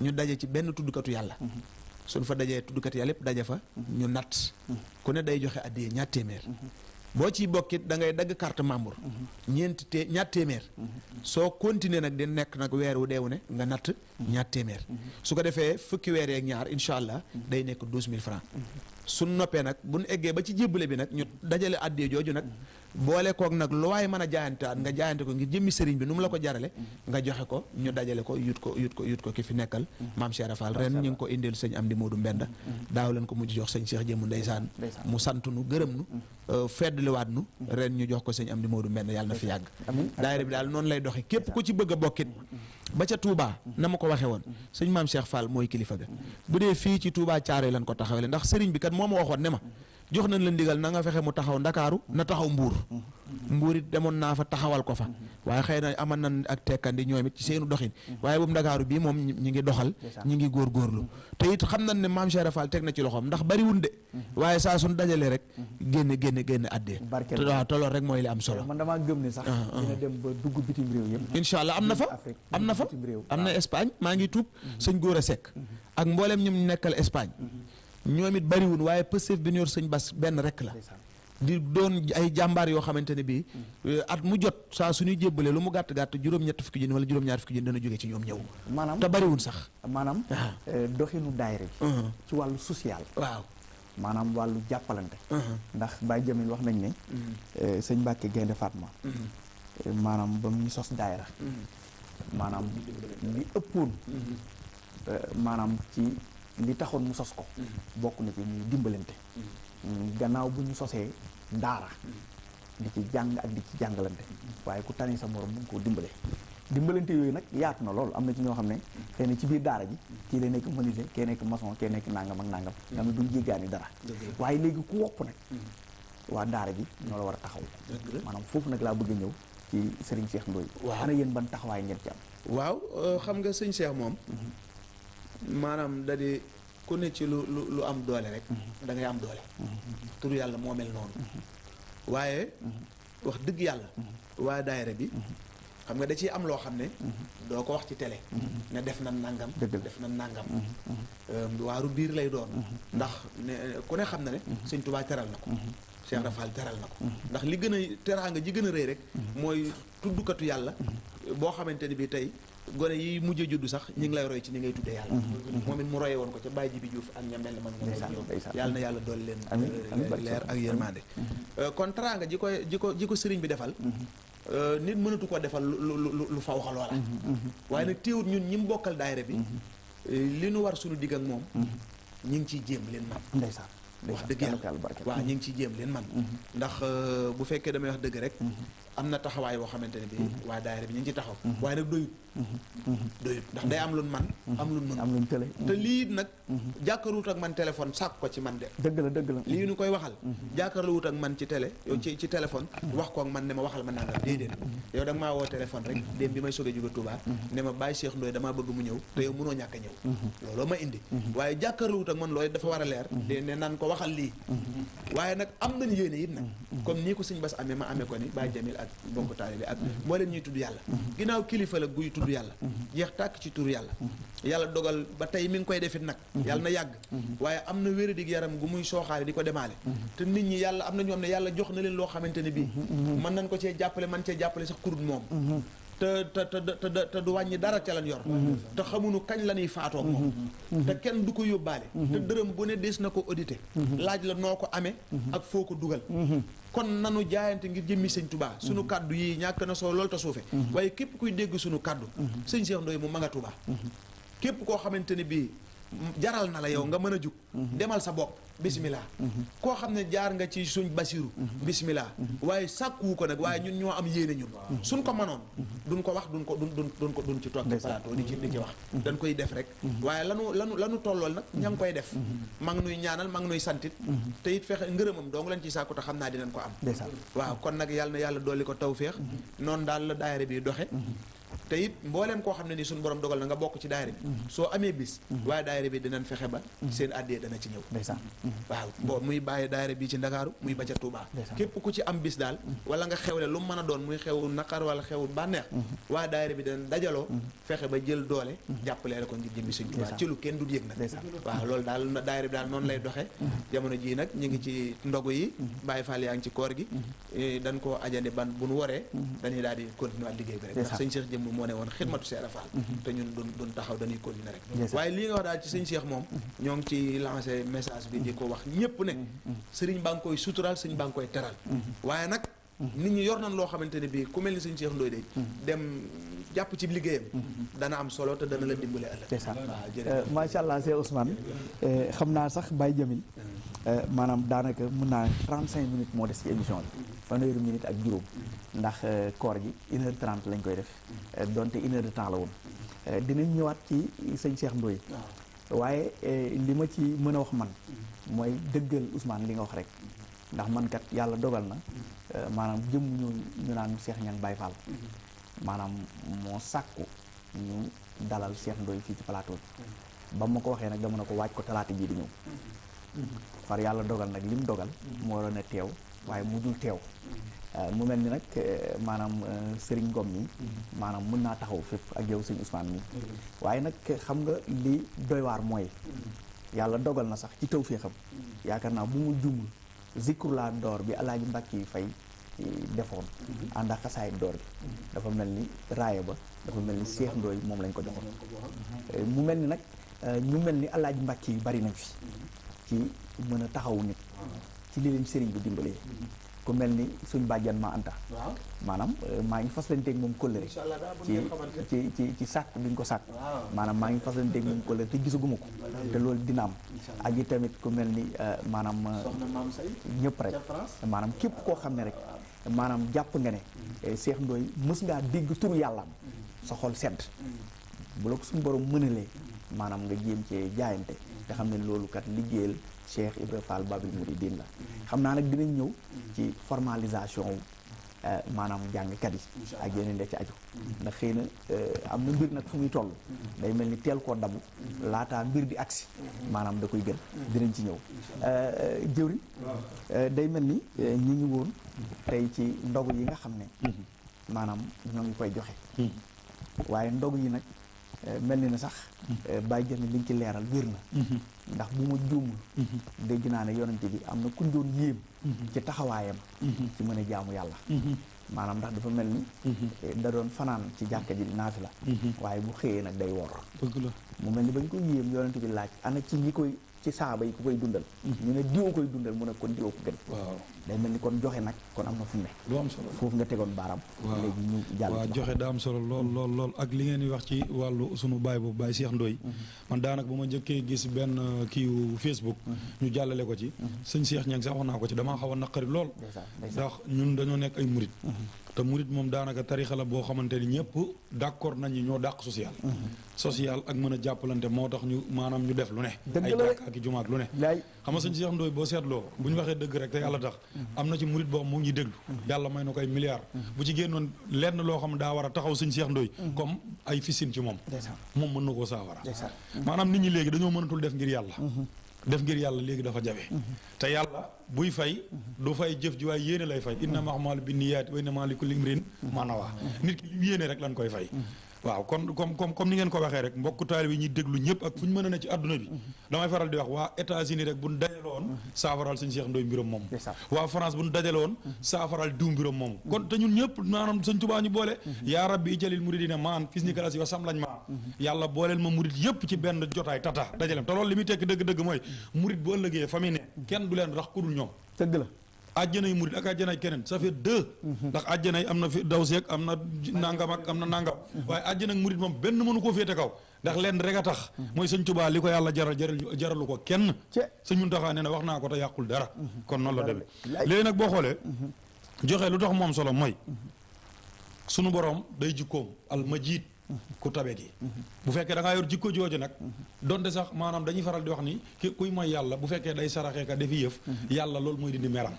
ñu daje ci benn tuddukatu yàlla suñ fa dajee tuddukatu yàlla yëpp daje fa ñu natt ku day joxe addiyee ñaar boo ci bokkit da ngay dagg carte membre. ñeenti te ñaat téeméer. soo continuer nag di nekk nag weer wu deewu ne nga natt ñaat téeméer. su ko defee fukki weer ñaar incha allah day nekk douze mille francs su noppee nag bu nu eggee ba ci jébbale bi nag ñu dajale àddee jooju nag. boole kook nag lu waaye mën a jaayantaat nga jaayante ko ngir jëmmi sëriñ bi nu mu la ko jarale mm-hmm. nga joxe ko ñu dajale ko yut ko yut ko yut ko ki fi nekkal mm-hmm. maam Cheikh Rafal ren ñu ngi ko indil sëñ Amdi Moodu Mbenda mm-hmm. daaw leen ko mujj jox sëñ Cheikh Jëmu ndeysaan mu sant nu gërëm nu euh, feddliwaat nu ren ñu jox ko sëñ Amdi Moodu Mbenda yàlla na fi yàgg daayira bi daal noonu lay doxe képp ku ci bëgg a bokkit ba ca Touba na ma ko waxe woon sëñ maam Cheikh Fall mooy kilifa ga bu dee fii ci Touba Caaroy leen ko taxawale ndax sëriñ bi kat moo ma waxoon ne ma jox nañ la ndigal na nga fexe mu taxaw ndakaaru na taxaw mbuur mbuur it demoon naa fa taxawal ko fa waaye xëy na aman nan ak tekkandi ñoom it ci seenu doxin waaye boobu ndakaaru bii moom ñi ngi doxal ñi ngi góor góorgóorlu te it xam na ne maam Cheikh Fall teg na ci loxoom ndax bariwun de waaye saa suñ dajale rek génne génne génne addee waaw te loolu rek mooy li am solo man damaa gëm ne sax ah, ah. dina dem ba dugg bitim réew incha allah am na fa am na fa am na Espagne maa ngi tuub sëñ góor a sekk ak mboolem ñu nekkal Espagne ñoom it bariwul waaye Pastef bi ñu yor sëñ Bass benn rek la. di doon ay jàmbaar yoo xamante ne bii. Mm. at mu jot saa su ñuy jébbalee lu mu gàtt gàtt juróom-ñett fukki junni wala juróom-ñaar fukki junni dana jóge ci ñoom ñëw. maanaam te bariwul sax. maanaam ah. eh, doxinu daayira bi uh-huh. ci wàllu social. waaw maanaam wàllu jàppalante. Uh-huh. ndax Baye Jamil wax nañ ne. Mm-hmm. Eh, sëñ Mbacke Gaynde Fatma. Mm-hmm. Eh, maanaam ba mu ñu sos daayira mm-hmm. maanaam li ëppoon. maanaam ci. li taxoon mu sos ko mm-hmm. bokk na ci ñuy dimbalante mm-hmm. gannaaw bu ñu sosee daara mm-hmm. di ci jàng ak di ci jàngalante waaye ku tane sa morom mën koo dimbale dimbalante yooyu nag yaatu na loolu am na ci ñoo xam ne xëy na ci biir daara ji kii la nekk menuisier kee nekk maçon kee nekk nangam ak nangam nga xam ne duñ jéggaani dara waaye léegi ku wopp nag waa daara ji ñoo la war a taxaw maanaam foofu nag laa bëgg a ñëw ci seex Cheikh Ndoye ana yéen ban taxawaay ngeen ci am waaw euh, xam nga maanaam da di ku ne ci lu lu lu am doole rek mhm. da ngay am doole mhm. turu yàlla moo mel noonu mhm. waaye wax dëgg yàlla waa daayira bi xam nga da ciy am loo xam ne doo ko wax ci télé ne def na nàngam def na nàngam euh, waaru biir lay doon ndax ne ku ne xam na ne sëñ Tuubaa teral na ko Cheikh Rafal teral na ko ndax li gën a teraanga ji gën a rëy rek mooy tuddukatu yàlla boo xamante ni bii tey gone yi mujj a juddu sax ñu ngi lay roy ci ni ngay tuddee yàlla mhm. moom it mu roye woon ko ca bàyyi ji bi juuf ak ña mel man ñoom yàlla na yàlla dool leen euh, leer ak yërmande mhm. euh, kon teraanga ji ko ji ko ji ko sëriñ bi defal mhm. euh, nit mënatu ko defal lu lu faw xal wala waaye nag téewut ñun ñi mu bokkal daayira bi li nu war suñu digg ak moom ñu ngi ciy jéem leen man ndeysaan wax dëgg yàlla waaw ñu ngi ciy jéem leen man ndax bu fekkee damay wax dëgg rek am na taxawaay yoo xamante ne bi mhm. waa daayira bi ñu ngi ci taxaw mhm. waaye nag doyut mhm. doyut ndax day am lu man am lu mën am lu te lii nag jàkkaarwut ak man téléphone sàkk ko ci man de dëgg la dëgg la lii ñu koy waxal jàkkaarluwut ak man ci télé yow ci ci wax ko man ne ma waxal ma nangam déedéet yow da nga maa woo téléphone rek démb bi may soge jóge Touba ne ma Baye Cheikh Ndoye damaa bëgg mu ñëw te yow mënoo ñàkk a ñëw looloo ma indi waaye jàkkaarluwut ak man loolu dafa war a leer de ne nan ko waxal lii waaye nag am nañ yéene it nag comme ak bokk taalibe ak mbooleem ñuy tudd yàlla ginnaaw kilifa la guy tudd yàlla jeex tàkk ci tur yàlla yàlla dogal ba tey mi ngi koy defit nag yàlla na yàgg waaye am na wéradig yaram gu muy sooxaale di ko demaale te nit ñi yàlla am na ñoo xam ne yàlla jox na leen loo xamante ne bii man nañ ko ee jàppale man ee jàppale sax kurut moom te te te te du wàññi dara ca lañ yor te xamuñu kañ la ñuy faatoo moom te kenn du ko yóbbaale te dërëm bu ne des na ko audité laaj la noo ko amee ak kon nanu jaayante ngir jëmmi sëñ tubaa sunu mhm. kaddu yi ñàkk na soo lool te suufe mhm. waaye képp kuy dégg sunu kaddu. Mhm. sëñ Cheikh Ndoye mu ma nga Touba. képp koo xamante ne bii jaral na la yow nga mën a jug. demal sa bopp. bismillah koo xam ne jaar nga ci suñ basiru bismillah waaye sàkkuwu ko nag waaye ñun ñoo am yéene ñun suñ ko mënoon duñ ko wax dun ko duñ duñ duñ ko duñ ci toog plateau di ci di ci wax mm-hmm. dañ koy def rek mm-hmm. waaye lanu lanu lanu tollool nag ña ngi koy def mm-hmm. ma nuy ñaanal ma ngi nuy santit te it fexe ngërëmam dong lañ ci sàkku te xam naa dinañ ko am waaw kon nag yàlla na yàlla dolli ko tawféex noon daal la daayira bi doxe te it leen koo xam ne ni suñu borom dogal na nga bokk ci daayira bi mhm. soo amee bis mhm. waa daayira bi dinañ fexe ba mhm. seen addee dana ci ñëw waaw bo muy bàyyi daayira bi ci ndakaaru muy ba ca Touba képp ku ci am bis daal wala nga xewle lu mën a doon muy xew naqar wala xew bànneex waa daayira bi dinañ dajaloo fexe ba jël doole jàppaleele ko ngir jëmbi Sëñ Tuubaa ci lu kenn du yëg nag waaw loolu daal daayira bi daal noonu lay doxe jamono jii nag ñu ngi ci ndogu yi bàyyi faal yaa ngi ci koor gi eh, dañ koo ajandi ban bu nu waree dañuy daal di continuer liggéey bi rek sëñ Cheikh jëm moom moo ne woon xidmatu Cheikh Ibra Fall mm-hmm. te ñun duñ duñ taxaw dañuy continuer rek waaye li nga wax daal ci sëñ Cheikh moom mm-hmm. ñoo ngi ci lancé message bi di ko wax ñépp ne mm-hmm. sëriñ baa ngi koy sutural sëriñ baa ngi koy teral waaye nag nit ñi yor dem jàpp ci liggéeyam dana am solo te dana la dimbale ëllëg euh, macha allah Cheikh Ousmane euh, xam naa sax Baye Jamil Euh, maanaam daanaka mën naa trente cinq minutes moo des ci émission bi fanweeri minute ak juróom ndax euh, koor gi une heure trente lañ koy def euh, donte une heure de la woon dinañ ñëwaat ci sëñ Cheikh Ndoye waaye li ma ci mën a wax man mooy dëggal Ousmane li nga wax rek ndax man kat yàlla dogal na maanaam jëmm ñu ñu naan Cheikh Niang Baye Fall maanaam moo sàkku ñu dalal Cheikh Ndoye fii ci plateau bi mm-hmm. ba ma ko waxee nag dama ne ko waaj ko talaata ji di ñëw far yàlla dogal nag lim dogal moo doon a teew waaye mu mujjul teew euh, mu mel ni nag euh, maanaam euh, sëriñ Ngom mi maanaam mën naa taxaw fépp ak yow Serigne Ousmane mi waaye nag xam nga li doy mooy yàlla dogal na sax ci taw fii xam yaakaar naa bu mu jumul zikru laa door bi alaaji mbàkk yi fay eh, defoon ànd ak xasaay door bi dafa mel ni raaya ba dafa mel ni Seex Ndooy moom lañ ko joxoon mu mel ni nag ñu mel ni alaaji mbàkk yi bari nañ fi ci mëna taxaw nit ci li leen sëriñ bi dimbalé ku melni suñu suñ ma anta manam euh, ma ngi faslanteeg moom kóllëre ci ci ci ci sak bi ko sak manam ma ngi ak mom kóllëre te gisaguma ko te lol dina am ak i tamit ku mel ni euh, maanaam euh, ñëpp rek manam kep ko xamné rek manam japp nga né mm-hmm. eh, Cheikh ndoy mëss nga dégg turu yalla mm-hmm. sa xol sedd mm-hmm. bu lok suñu borom mënalé manam nga jëm ci jaayante nga xam ne loolu kat liggéeyal Cheikh Ibra Fall Babil Mouridine la xam naa nag dinañ ñëw ci formalisation euh, maanaam jàngkat yi ak yeneen da ci aju mm-hmm. ndax xëy na euh, am na mbir nag fu muy toll mm-hmm. day mel ni teel koo dabu mm-hmm. laataa mbir di agsi maanaam da koy gën dinañ ci ñëw euh, jëwri day mel ni ñu ngi woon tey ci ndogu yi nga xam ne maanaam ñoo ngi koy joxe waaye ndogu yi nag Euh, mel ni na sax bàyyi jël liñ ci leeral wér na mhm. ndax bu ma juumul mhm. dégg naa ne yonante bi am na ku doon yéem mhm. ci taxawaayam ci mën a jaamu yàlla maanaam ndax dafa mel ni euh, da doon fanaan ci jàkka ji di naafi la waaye bu xëyee nag day wor mu mel ni bañ ko yéem yonante bi laaj ana ci ñi koy ci saaba yi ku koy dundal mhm. ñu ne diw koy dundal mu ne kon diw ko gën waaw day mel ni kon joxe nag kon am na fu ne lu am solo foofu nga tegoon baaraam léegi waaw joxe da am solo lool lool lool ak li ngeen di wax ci wàllu sunu baay bu baay seex Ndoye mhm. man daanaka bu ma njëkkee gis benn uh, kiiw Facebook mhm. ñu jàllale ko ci sëñ Cheikh Niang sax wax naa ko ci damaa xaw a naqari lool ndax ñun dañoo nekk ay murit te murit moom daanaka tarixa la boo xamante ni ñëpp d'accord nañu ñoo dàq social. Mhm. social ak mën a jàppalante moo tax ñu maanaam ñu def lu ne. ay dàq ak jumaa lu ne. xam nga sëñ Cheikh Ndoye boo seetloo. bu ñu waxee dëgg rek te yàlla tax. Mhm. am na ci murit boo mu ngi déglu. Mhm. yàlla may na koy ay milliards. bu ci génnoon lenn loo xam daa war a taxaw sëñ Cheikh Ndoye. comme ay fissin ci moom. moom mën na koo saafara. maanaam nit ñi léegi dañoo mënatul def ngir yàlla. def ngir yàlla léegi dafa jafe te yàlla buy fay du fay jëf ji waaye yéene lay fay na innamal a'maalu binniyaati wa innamaa likulli imri'in maa nawaa nit ki li mu yéene rek lan koy fay waaw kon comme comme comme ni ngeen ko waxee rek mbokk taalibe yi ñuy déglu ñëpp ak fu ñu mën a ne ci àdduna bi mhm. damay faral di wax waa États-Unis rek bu ñu dajaloon mhm. saafaral waa France bu ñu dajaloon mhm. saafaral diw mbiram moom kon te ñun ñëpp maanaam sëñ Tuubaa ñu boole yaa rabbi ijalil muridina maan fis ni kalasi wa sam lañ maa yàlla booleel ma murid yëpp ci benn jotaay tata dajalem te loolu li muy tekk dëgg-dëgg mooy murid bu ëllëgee fa mu ne kenn du leen rax ku dul ñoom dëgg la àjjanay murit ak àjjanay keneen ça fait deux mhm. ndax àjjanay am na fi daw seeg am na nangam am na nangam mhm. waaye àjjanay murit moom benn mënu koo féete kaw ndax leen rek tax mhm. mooy sëñ Tuubaa li ko yàlla jaral jaralu ko kenn sëñ Muntaxaa nee na wax naa ko te yàqul dara kon noonu la demee léegi nag boo xoolee joxe lu tax moom solo mooy sunu borom day jikkoom al majiid ku tabe ki bu fekkee da yor jikko jooju nag donte sax maanaam dañuy faral di wax ni ki kuy mooy yàlla bu fekkee day saraxee ka defi yëf yàlla loolu mooy dindi meram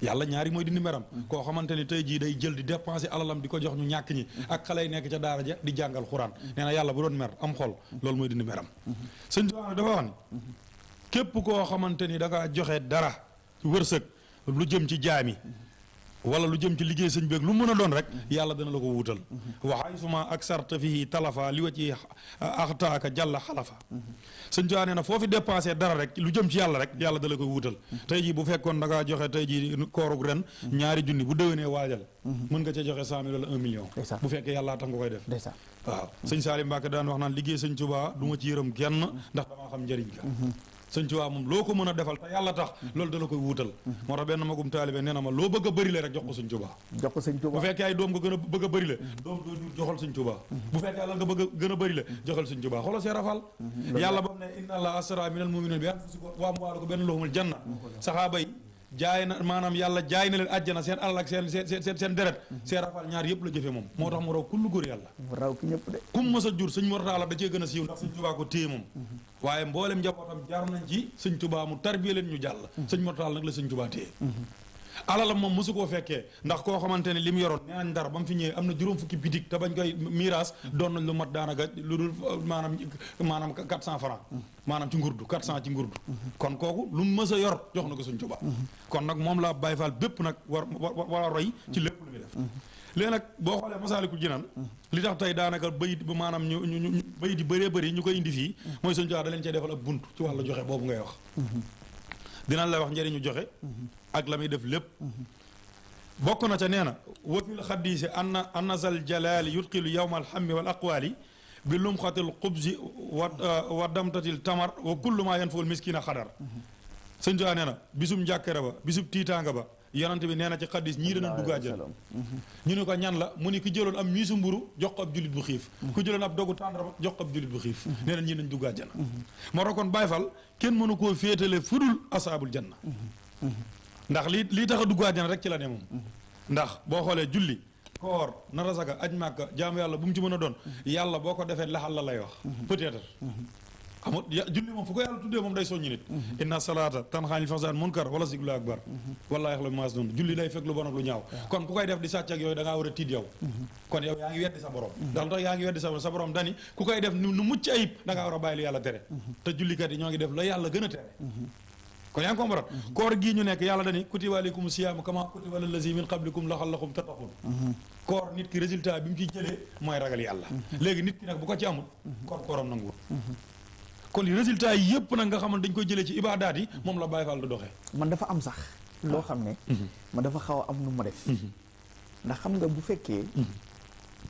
yàlla ñaari mooy dindi meram koo xamante ni tey jii day jël di dépenser alalam di ko jox ñu ñàkk ñi ak xale yi nekk ca daara ja di jàngal xuraan nee na yàlla bu doon mer am xol loolu mooy dindi meram sëñ Tuubaa dafa wax ni képp koo xamante ni da joxe dara wërsëg lu jëm ci jaami wala lu jëm ci liggéey sëñ beeg lu mën a doon rek yàlla dana la ko wuutal waxaay suma ak sarta fii talafa li wa ci axtaaka jàlla xalafa sëñ Tuubaa nee na foo fi dara rek lu jëm ci yàlla rek yàlla dala koy wuutal tey jii bu fekkoon da ngaa joxe tey jii koorug ren ñaari junni bu déwénee waajal mën nga ca joxe cent mille wala un million bu fekkee yàllaa tax nga koy def waaw sëñ Saali Mbàkke daan wax naan liggéey sëñ Tuubaa du ma ci yërëm kenn ndax damaa xam njëriñ ka sëñ Tuubaa moom loo ko mën a defal te yàlla tax loolu da koy wuutal moo tax benn magum taalibe nee na ma loo bëgg a bëri le rek jox ko sëñ Tuubaa bu fekkee ay doom nga gën a bëgg a bëri le doom doo jur joxal sëñ Tuubaa bu fekkee alal nga bëgg a gën a bëri le joxal sëñ Tuubaa xoolal see rafal yàlla ba mu ne inna allaha asra minal mu'minina bi anfusihim wa amwalikum bi anna lahumul janna saxaaba yi jaay na maanaam yàlla jaay na leen àjjana seen alal ak seen seen seen deret mhm. seen rafal ñaar yëpp la jëfe moom moo tax mu raw kullu góor yàlla mu raw ki ñëpp de kum mës a jur sëñ mortaala da cee gën a siiw ndax sëñ tubaa ko téye moom mhm. waaye mboolem njabootam jaar nañ ci sëñ tubaa mu tarbiye leen ñu jàll mhm. sëñ mortaala nag la sëñ tubaa téye alalam moom mosu koo fekkee ndax koo xamante ne li mu yoroon nee nañ ndar ba mu fi ñëwee am na juróom fukki bitig te bañ koy miiras doon nañ lu mat daanaka lu dul euh, maanaam maanaam cent francs maanaam ci ngurdu cent ci ngurdu kon kooku lu mu mës a yor jox na ko suñ Tuubaa kon nag moom laa Baay Faal bépp nag war war a roy ci lépp lu muy def léegi nag boo xoolee Masaalikul Jinaan li tax tey daanaka bayit bu maanaam ñu ñu ñu bayit yi bëree bëri ñu koy indi fii mooy suñ Tuubaa da leen cay defal ab bunt ci wàllu joxe boobu ngay wax dinañ la wax njëriñu joxe ak la may def lépp bokk na ca nee na watul xaddiisi anna anna zal jalaali yutqilu yowma alxammi wal aqwaali bi lumxatil xubsi wa uh, wa damtatil tamar wa kullu maa yanfawul miskina xadar sëñ Tuubaa nee na bisum njàkkare ba bisum tiitaanga ba yonante bi nee na ci xaddis ñii danañ dugg àjjana ñu ne ko ñan la mu ne ku jëloon am miisu mburu jox ko ab jullit bu xiif ku jëloon ab dogu tàndarma jox ko ab jullit bu xiif nee na ñii nañ dugg àjjana kon Baay fal kenn mënu koo féetale fudul asaabul janna ndax lii lii tax a dugg àjjana rek ci la ne moom ndax boo xoolee julli koor na rasaka aj màkka jaamu yàlla bu mu ci mën a doon yàlla boo ko defee laxal la lay wax peut-être amul julli moom fu ko yàlla tuddee moom day soññi nit inna salaata tanxaanil fasaan munkar wala sigla akbar wallaahi ax la maas noonu julli day fekk lu bon ak lu ñaaw kon ku koy def di sàcc yooyu da ngaa war a tiit yow kon yow yaa ngi weddi sa borom mm-hmm. ndax lu tax yaa ngi weddi sa borom borom dani ku koy def nu mucc ayib da ngaa a bàyyi yàlla tere mm-hmm. te yi ñoo ngi def la yàlla gën a tere mm-hmm. kon yaa ngi comprendre mhm. koor gii ñu nekk yàlla dani kutiba alaykum siyaamu kama kutiba alal lazi min qablikum laxallakum tattaqun mhm. koor nit ki résultat bi mu ciy jëlee mooy ragal yàlla mhm. léegi nit ki nag bu ko ci amul koor kooram nanguwul kon résultat yi yëpp nag nga xaman dañ koy jëlee ci ibaadaat yi moom la Baay Faal du doxee man dafa am sax loo xam ne ma dafa xaw a am nu ma def ndax xam nga bu fekkee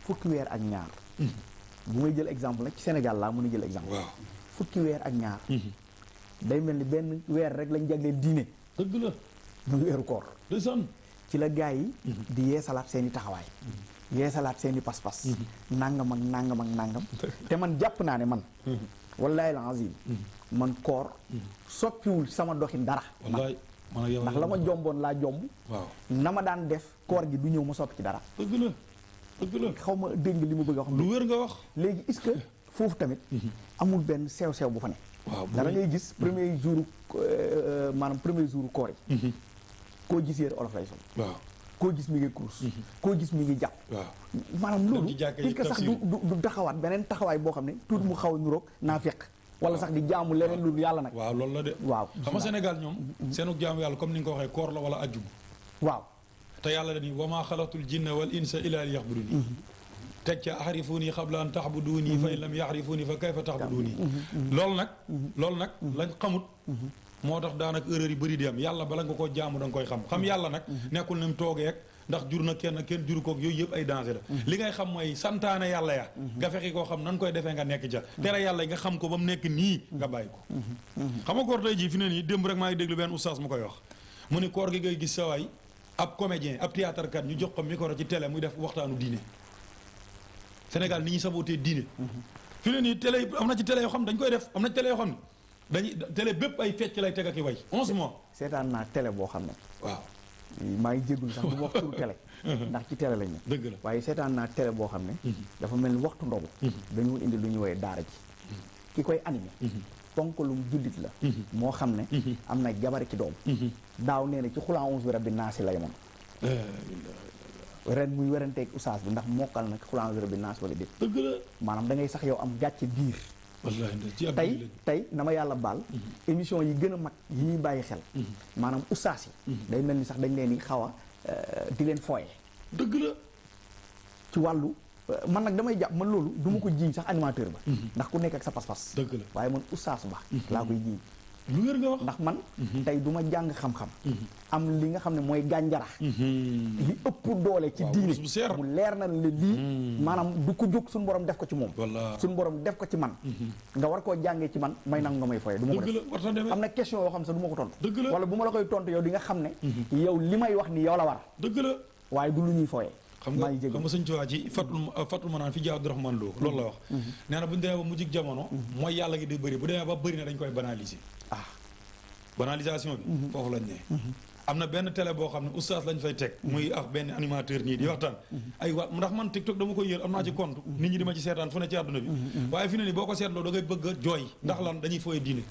fukki weer ak ñaar bu may jël exemple nag ci Sénégal laa mën a jël exemple fukki weer ak ñaar day mel ni benn weer rek lañ jagleel diine. dëgg la muy weeru koor. ci la gaa yi. Mhm. di yeesalaat seen i taxawaay. Mhm. yeesalaat seen i pas-pas. Mhm. nangam ak nangam ak nàngam te man jàpp naa ne man. wallaahi lazim man koor. soppiwul sama doxin dara. wallaay yow ndax la ma jomboon laa jomb. waaw na ma daan def koor gi du ñëw ma soppi ci dara. dëgg xaw ma dégg li ma bëgg a wax. lu wér nga wax. léegi est-ce que foofu tamit. amul benn sew sew bu fa ne. waaw dara ngay gis premier jour euh, maanaam premier jour koor mhm. koo gis yére olof lay sol waaw koo gis mi ngi course mhm. koo gis mi ngi jàpp waaw maanaam loolu est-ce que sax du du taxawaat beneen taxawaay boo xam ne tuuti mu xaw a niroog naa fekk wala sax di jaamu leneen lu yàlla nag waaw loolu la de waaw xam nga Sénégal ñoom mhm. seenu jaamu yàlla comme ni nga ko waxee koor la wala ajjuma waaw te yàlla dañuy wa maa xalatul jinna wal insa illa liya'budun teg ca axarifuuni xabla an taxbuduuni fa in lam yaxrifuuni fa kayfa taxbuduuni mhm, mhm, mhm. loolu nag lool nag lañ xamut moo tax daanak erreur yi bëri di am yàlla bala nga koo jaamu da nga koy xam xam yàlla nag nekkul ni mu toogeek ndax jur na kenn kenn juru koog yooyu yëpp ay danger la li ngay xam mooy santaane yàlla ya nga fexi koo xam nan koy defee nga nekk ca tere yàlla nga xam ko ba mu nekk nii nga bàyyi ko xam nga koor tey jii fi ne nii démb rek maa ngi déglu benn oustaz mu koy wax mu ni koor gi ngay gis sawaay ab comédien ab théâtre kat ñu jox ko micro ci télé muy def waxtaanu diine Sénégal ni ñuy sabootee diine. fi ne yi télé am na ci tele yoo xam dañ koy def am na ci télé yoo xam ne dañuy télé bépp ay fecc lay teg ak i way onze mois. seetaan naa télé boo xam ne. waaw. maa ngi jégalu sax bu wax turu ndax ci télé lañu. dëgg la waaye seetaan naa télé boo xam ne. dafa mel ni waxtu ndogu. dañoo indi lu ñuy woowee daara ji. ki koy animé. ponkalum jullit la. moo xam ne. am na jabar ci doom. daaw nee na ci xulaa onze bi rabbi naasi lay moom. ren muy weranteeg oustaz bi ndax mokkal nag xulaanzra bi naas wala déet dëgg la maanaam da ngay sax yow am gàcce biir tey tey na ma yàlla baal mhm. émission yi gën a mag yi ñuy bàyyi xel mhm. maanaam oustaz yi mhm. day mel ni sax dañ leen di xaw a euh, di leen fooye dëgg la ci wàllu euh, man nag damay jàpp man loolu du ko jiiñ sax animateur ba ndax ku nekk ak sa pas-pas waaye man oustaz ba laa koy jiiñ lu wér nga wax ndax man. Mhm. tey du ma jàng xam-xam. Mhm. am li nga xam ne mooy gànjara. Mhm. li ëpp doole ci diine mu leer na le lii. maanaam du ko jóg suñu borom def ko ci moom. suñu borom def ko ci man. nga war koo jàngee ci man may nag nga may foyee. du ma ko def am na question yoo xam sax du ko tontu. dëgg la wala bu ma la koy tontu yow di nga xam ne. yow li may wax ni yow la war. dëgg la waaye du lu ñuy foyee. xam nga xam nga sëñ Tuubaa ci fatul euh, fatul ma naan fi jaa Abdourahmane Lo loolu la wax nee na bu ñu demee ba mujjig bu bëri na dañ koy banaliser banalisation bi. Mhm. foofu lañ ne. Mhm. am na benn tele boo xam ne oustaz lañ fay teg. muy mhm. ak benn animateur nii di waxtaan. ay wa ndax man TikTok dama koy yër am naa ci compte. nit ñi di ma ci seetaan fu ne ci àdduna bi. waaye fi ne nii boo ko seetloo da ngay bëgg a jooy. ndax lan dañuy fooye diine.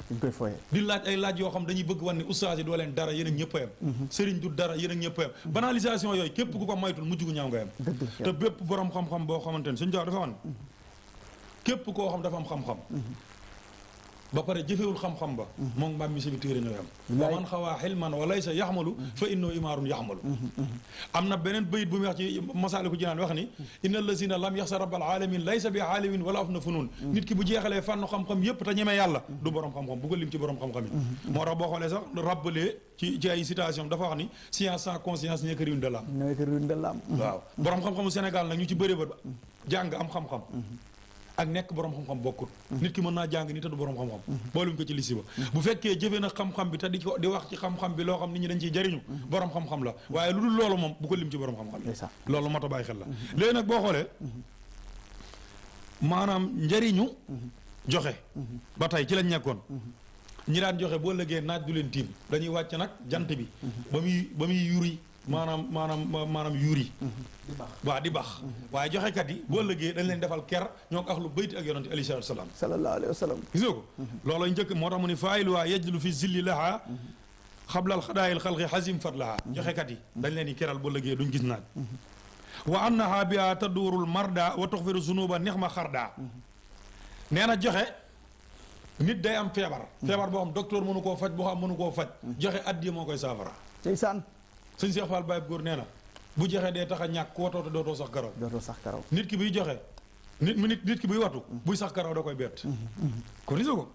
di laaj ay laaj yoo xam dañuy bëgg wan ne oustaz yi doo leen dara yéen ak sëriñ du dara yéen ak ñëpp a yem. banalisation yooyu képp ku ko moytul mujj gu ñaaw nga yem. te bépp borom xam-xam boo ne suñu dafa képp koo xam dafa am xam ba pare jëfewul xam-xam ba moom mbaam mi si bi téere ñooy am wa man xawaa xilman wa laysa yaxmalu fa innoo imaarun yaxmalu am na beneen bayit bu mu wax ci masaaliku jinaan wax ni inna allazina lam yaxsa rabbal alamin laysa bi aalimin wala af na funun nit ki bu jeexalee fànn xam-xam yépp te ñemee yàlla du borom xam-xam bu ko lim ci borom xam-xam yi moo tax boo xoolee sax rabbalee ci ci ay citation dafa wax ni science sans conscience nekk riwun de laam nekk riwun de laam waaw borom xam-xamu Sénégal nag ñu ci bëri ba jàng am xam-xam ak nekk borom xam-xam bokkut nit ki mën naa jàng ni a du borom xam-xam booluñ ko ci lisi ba bu fekkee jëfee na xam-xam bi te di di wax ci xam-xam bi loo xam nit ñi dañ ciy jëriñu borom xam-xam la waaye lu dul loolu moom bu ko lim ci borom xam-xam yi loolu mat a bàyyi xel la léegi nag boo xoolee maanaam njëriñu joxe ba tey ci lañ nekkoon ñi daan joxe boo lëgee naaj du leen tiim dañuy wàcce nag jant bi ba muy ba muy yuri manam maanaam maanaam yuuri waaw di baax waaye joxekat yi boo lëggee dañ leen defal ker ñoo ko axlu bayti ak yonante alayhi salaatu salaam sallallahu alayhi wa gis nga ko looloo njëkk moo tax mu ne fi zilli laha xablal xadaayil xalqi xasim fatlaha joxekat yi dañ leen di keral boo lëggee duñ gis naaj wa annaha biha taduurul marda wa tuxfiru zunuba nex ma xarda joxe nit day am feebar feebar boo xam docteur mënu koo faj boo xam mënu koo faj joxe addiya moo koy saafara ndeysaan sëñ Cheikh Fall Baye Góor nee na bu joxe dee tax a ñàkk ku watoote dootoo sax karaw dootoo sax karaw nit ki buy joxe nit nit nit ki buy watu mm-hmm. buy sax karaw da koy bett mm-hmm. Mm-hmm. ko ni ko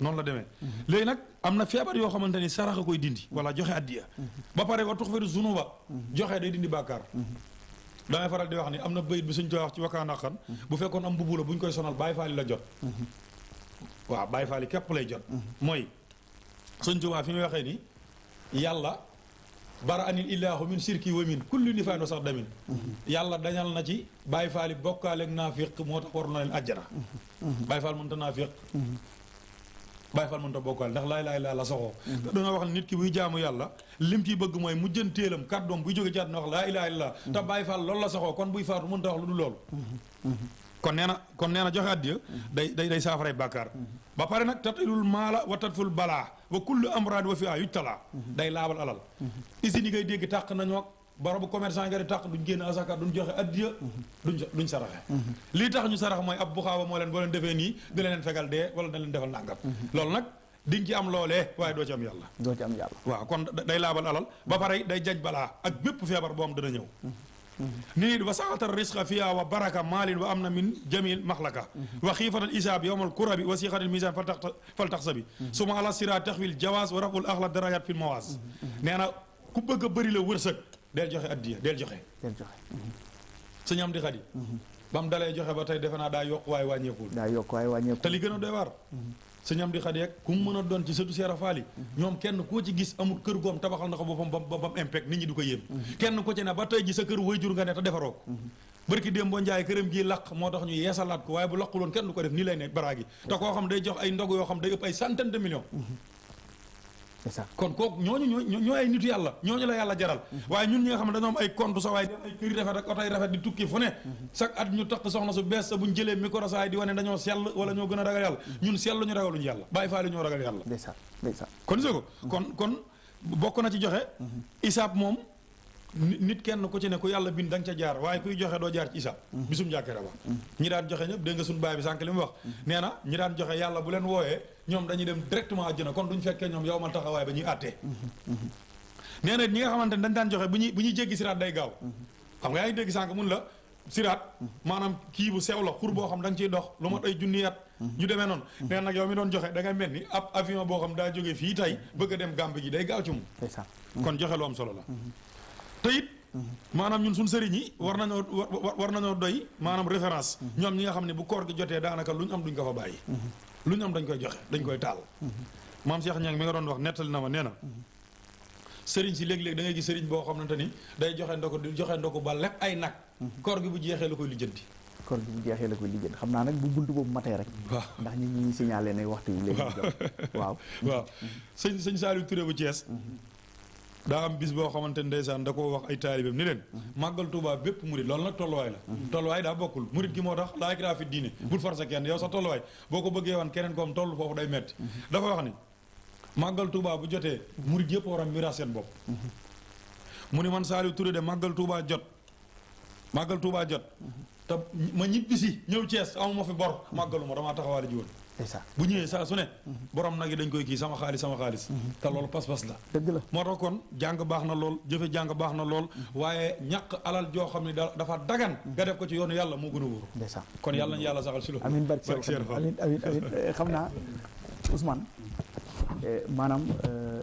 noonu la demee léegi nag am na feebar yoo xamante ni sarax koy dindi wala joxe addiya ba pare wa tuxfiru zunuba joxe day dindi bàkkaar damay faral di wax ni am na bayit bi suñ koy wax ci wakaandaxan bu fekkoon am mbubu la bu koy sonal Baye Fall la jot waa Baye Fall képp lay jot mooy suñ Tuubaa fi muy waxee ni yàlla bara anil illahu min shirki wa min kulli nifaan wa sax damin yàlla dañal na ci Baye Fall yi bokkaaleeg naafiq moo tax war na leen àjjana Baye Fall mënta naafiq Baye Fall mënta bokkaale ndax laay laay laa la soxoo te dana wax ne nit ki buy jaamu yàlla lim ciy bëgg mooy mujjanteelam kàddoom buy jóge ci àdduna wax laa ilaaha illallaah te Baye Fall loolu la soxoo kon buy faatu mënta wax lu du loolu kon nee na kon nee na joxe addiya day day day saafaray bàkkaar ba pare nag tatilul maala wa tatful balaa wa kullu amraad wa fi a yuj talaa day laabal alal usines yi kay dégg tàq nañoo barabu commerçant nga di tàq duñ génn asaka duñ joxe addiya duñ duñ saraxe lii tax ñu sarax mooy ab bu buxaaba moo leen boo leen defee nii di leen fegal dee wala da leen defal nàngam loolu nag di nga ci am loolee waaye doo ci am yàlla doo ci am yàlla waaw kon day laabal alal ba pare day jaj balaa ak bépp feebar boo am dana نيد وسعه الرزق فيها وبركه مال وامن من جميع مخلقه وخيفه الاساب يوم الكرب وسيخه الميزان فلتحسبي ثم على الصراط تخفي الجواز ورفع الاخلاق درجات في المواز نانا كو بغا بري لا ورسك ديل جوخي اديه ديل جوخي ديل جوخي سنيام دي خدي بام دالاي جوخي با تاي ديفنا دا يوك واي واني كول دا يوك واي واني كول تلي غنو دوار sëñ di Xadi ak ku mu mën a doon ci sëtu Seera Faal yi ñoom kenn koo ci gis amul kër goom tabaxal na ko boppam ba bam impact nit ñi du ko yéem kenn ku ci ne ba tey ji sa kër wayjur nga ne te defaroo ko barki déem boo njaay këram gii laq moo tax ñu yeesalaat ko waaye bu laqul loon kenn du ko def nii lay ne baraagi te koo xam day jox ay ndog yoo xam day ëpp ay centaine de kon kooku ñooñu ñoo ñoo ay nitu yàlla la yàlla jaral mm-hmm. waaye ñun ñi nga xam ne dañoo am ay compte sa waaye def ay këri rafet ak oto ay rafet di tukki fu mm-hmm. ñoo gën a ragal yàlla mm-hmm. ñun sell ñu kon ko kon kon bokk na ci joxe isaab moom nit kenn ku ci ne ku yàlla bind da nga ca jaar waaye kuy joxe doo jaar ci isaab bisum jàkkere ba ñi daan joxe ñëpp dégg nga suñu baay bi sànq li mu wax nee na ñi daan joxe yàlla bu leen wooyee ñoom dañuy dem directement na kon duñ fekkee ñoom yow ma taxawaay ba ñuy àttee nee na ñi nga xamante ne dañ daan joxe bu ñuy bu ñuy jéggi siraat day gaaw xam nga yaa dégg sànq mun la siraat maanaam kii bu sew la xur boo xam da nga dox lu mat ay junni ñu demee noonu nee nag mi doon joxe da ngay mel ni ab boo xam daa jóge fii tey bëgg dem gàmb gi day gaaw ci mu kon joxe lu am solo la mm-hmm. te maanaam ñun suñ sëriñ yi war nañoo war nañoo doy maanaam référence mm-hmm. ñoom ñi nga xam ne bu koor gi jotee daanaka luñ am duñ ko fa bàyyi mm-hmm. lu ñu am dañ koy joxe dañ koy taal maam seex Niang mi nga doon wax nettali na ma neena sëriñ si léeg-léeg da ngay gis sëriñ boo xamante ni day joxe ndoku joxe ndoku ba lépp ay nag koor gi bu jeexee la koy lijjanti koor gi bu jeexee la koy lijjanti xam naa nag bu bunt boobu matee rek waaw ndax ñi ñuy signalé ne waxtu yi léegi waaw waaw sëñ sëñ Saliou Touré bu Thiès mm-hmm. daa am bis boo xamante ne ndeysaan da koo wax ay taalibeem ni leen màggal Tuuba bépp murit loolu nag tolluwaay la tolluwaay daa bokkul murit gi moo tax laa ikraaha fi diine bul forcer kenn yow sa tolluwaay boo ko bëggee wan keneen koom toll foofu day metti dafa wax ni màggal Tuuba bu jotee murit yëpp war mi mira seen bopp mu ni man Saliou Touré de màggal Tuuba jot màggal Tuuba jot te ma ñibbisi ñëw Cees amuma fi bor màggalu ma damaa taxawaale ji woon bu ñëwee saa su ne borom nag yi dañ koy kii sama xaalis sama xaalis te loolu pas-pas la dëgg la moo tax kon jàng baax na lool jëfe jàng baax na lool waaye ñàq alal joo xam ne dafa dagan nga def ko ci yoonu yàlla moo gën a wóor kon yàlla ñu yàlla saxal si loolu amiin barke amiin amiin amiin xam naa Ousmane eh, maanaam eh,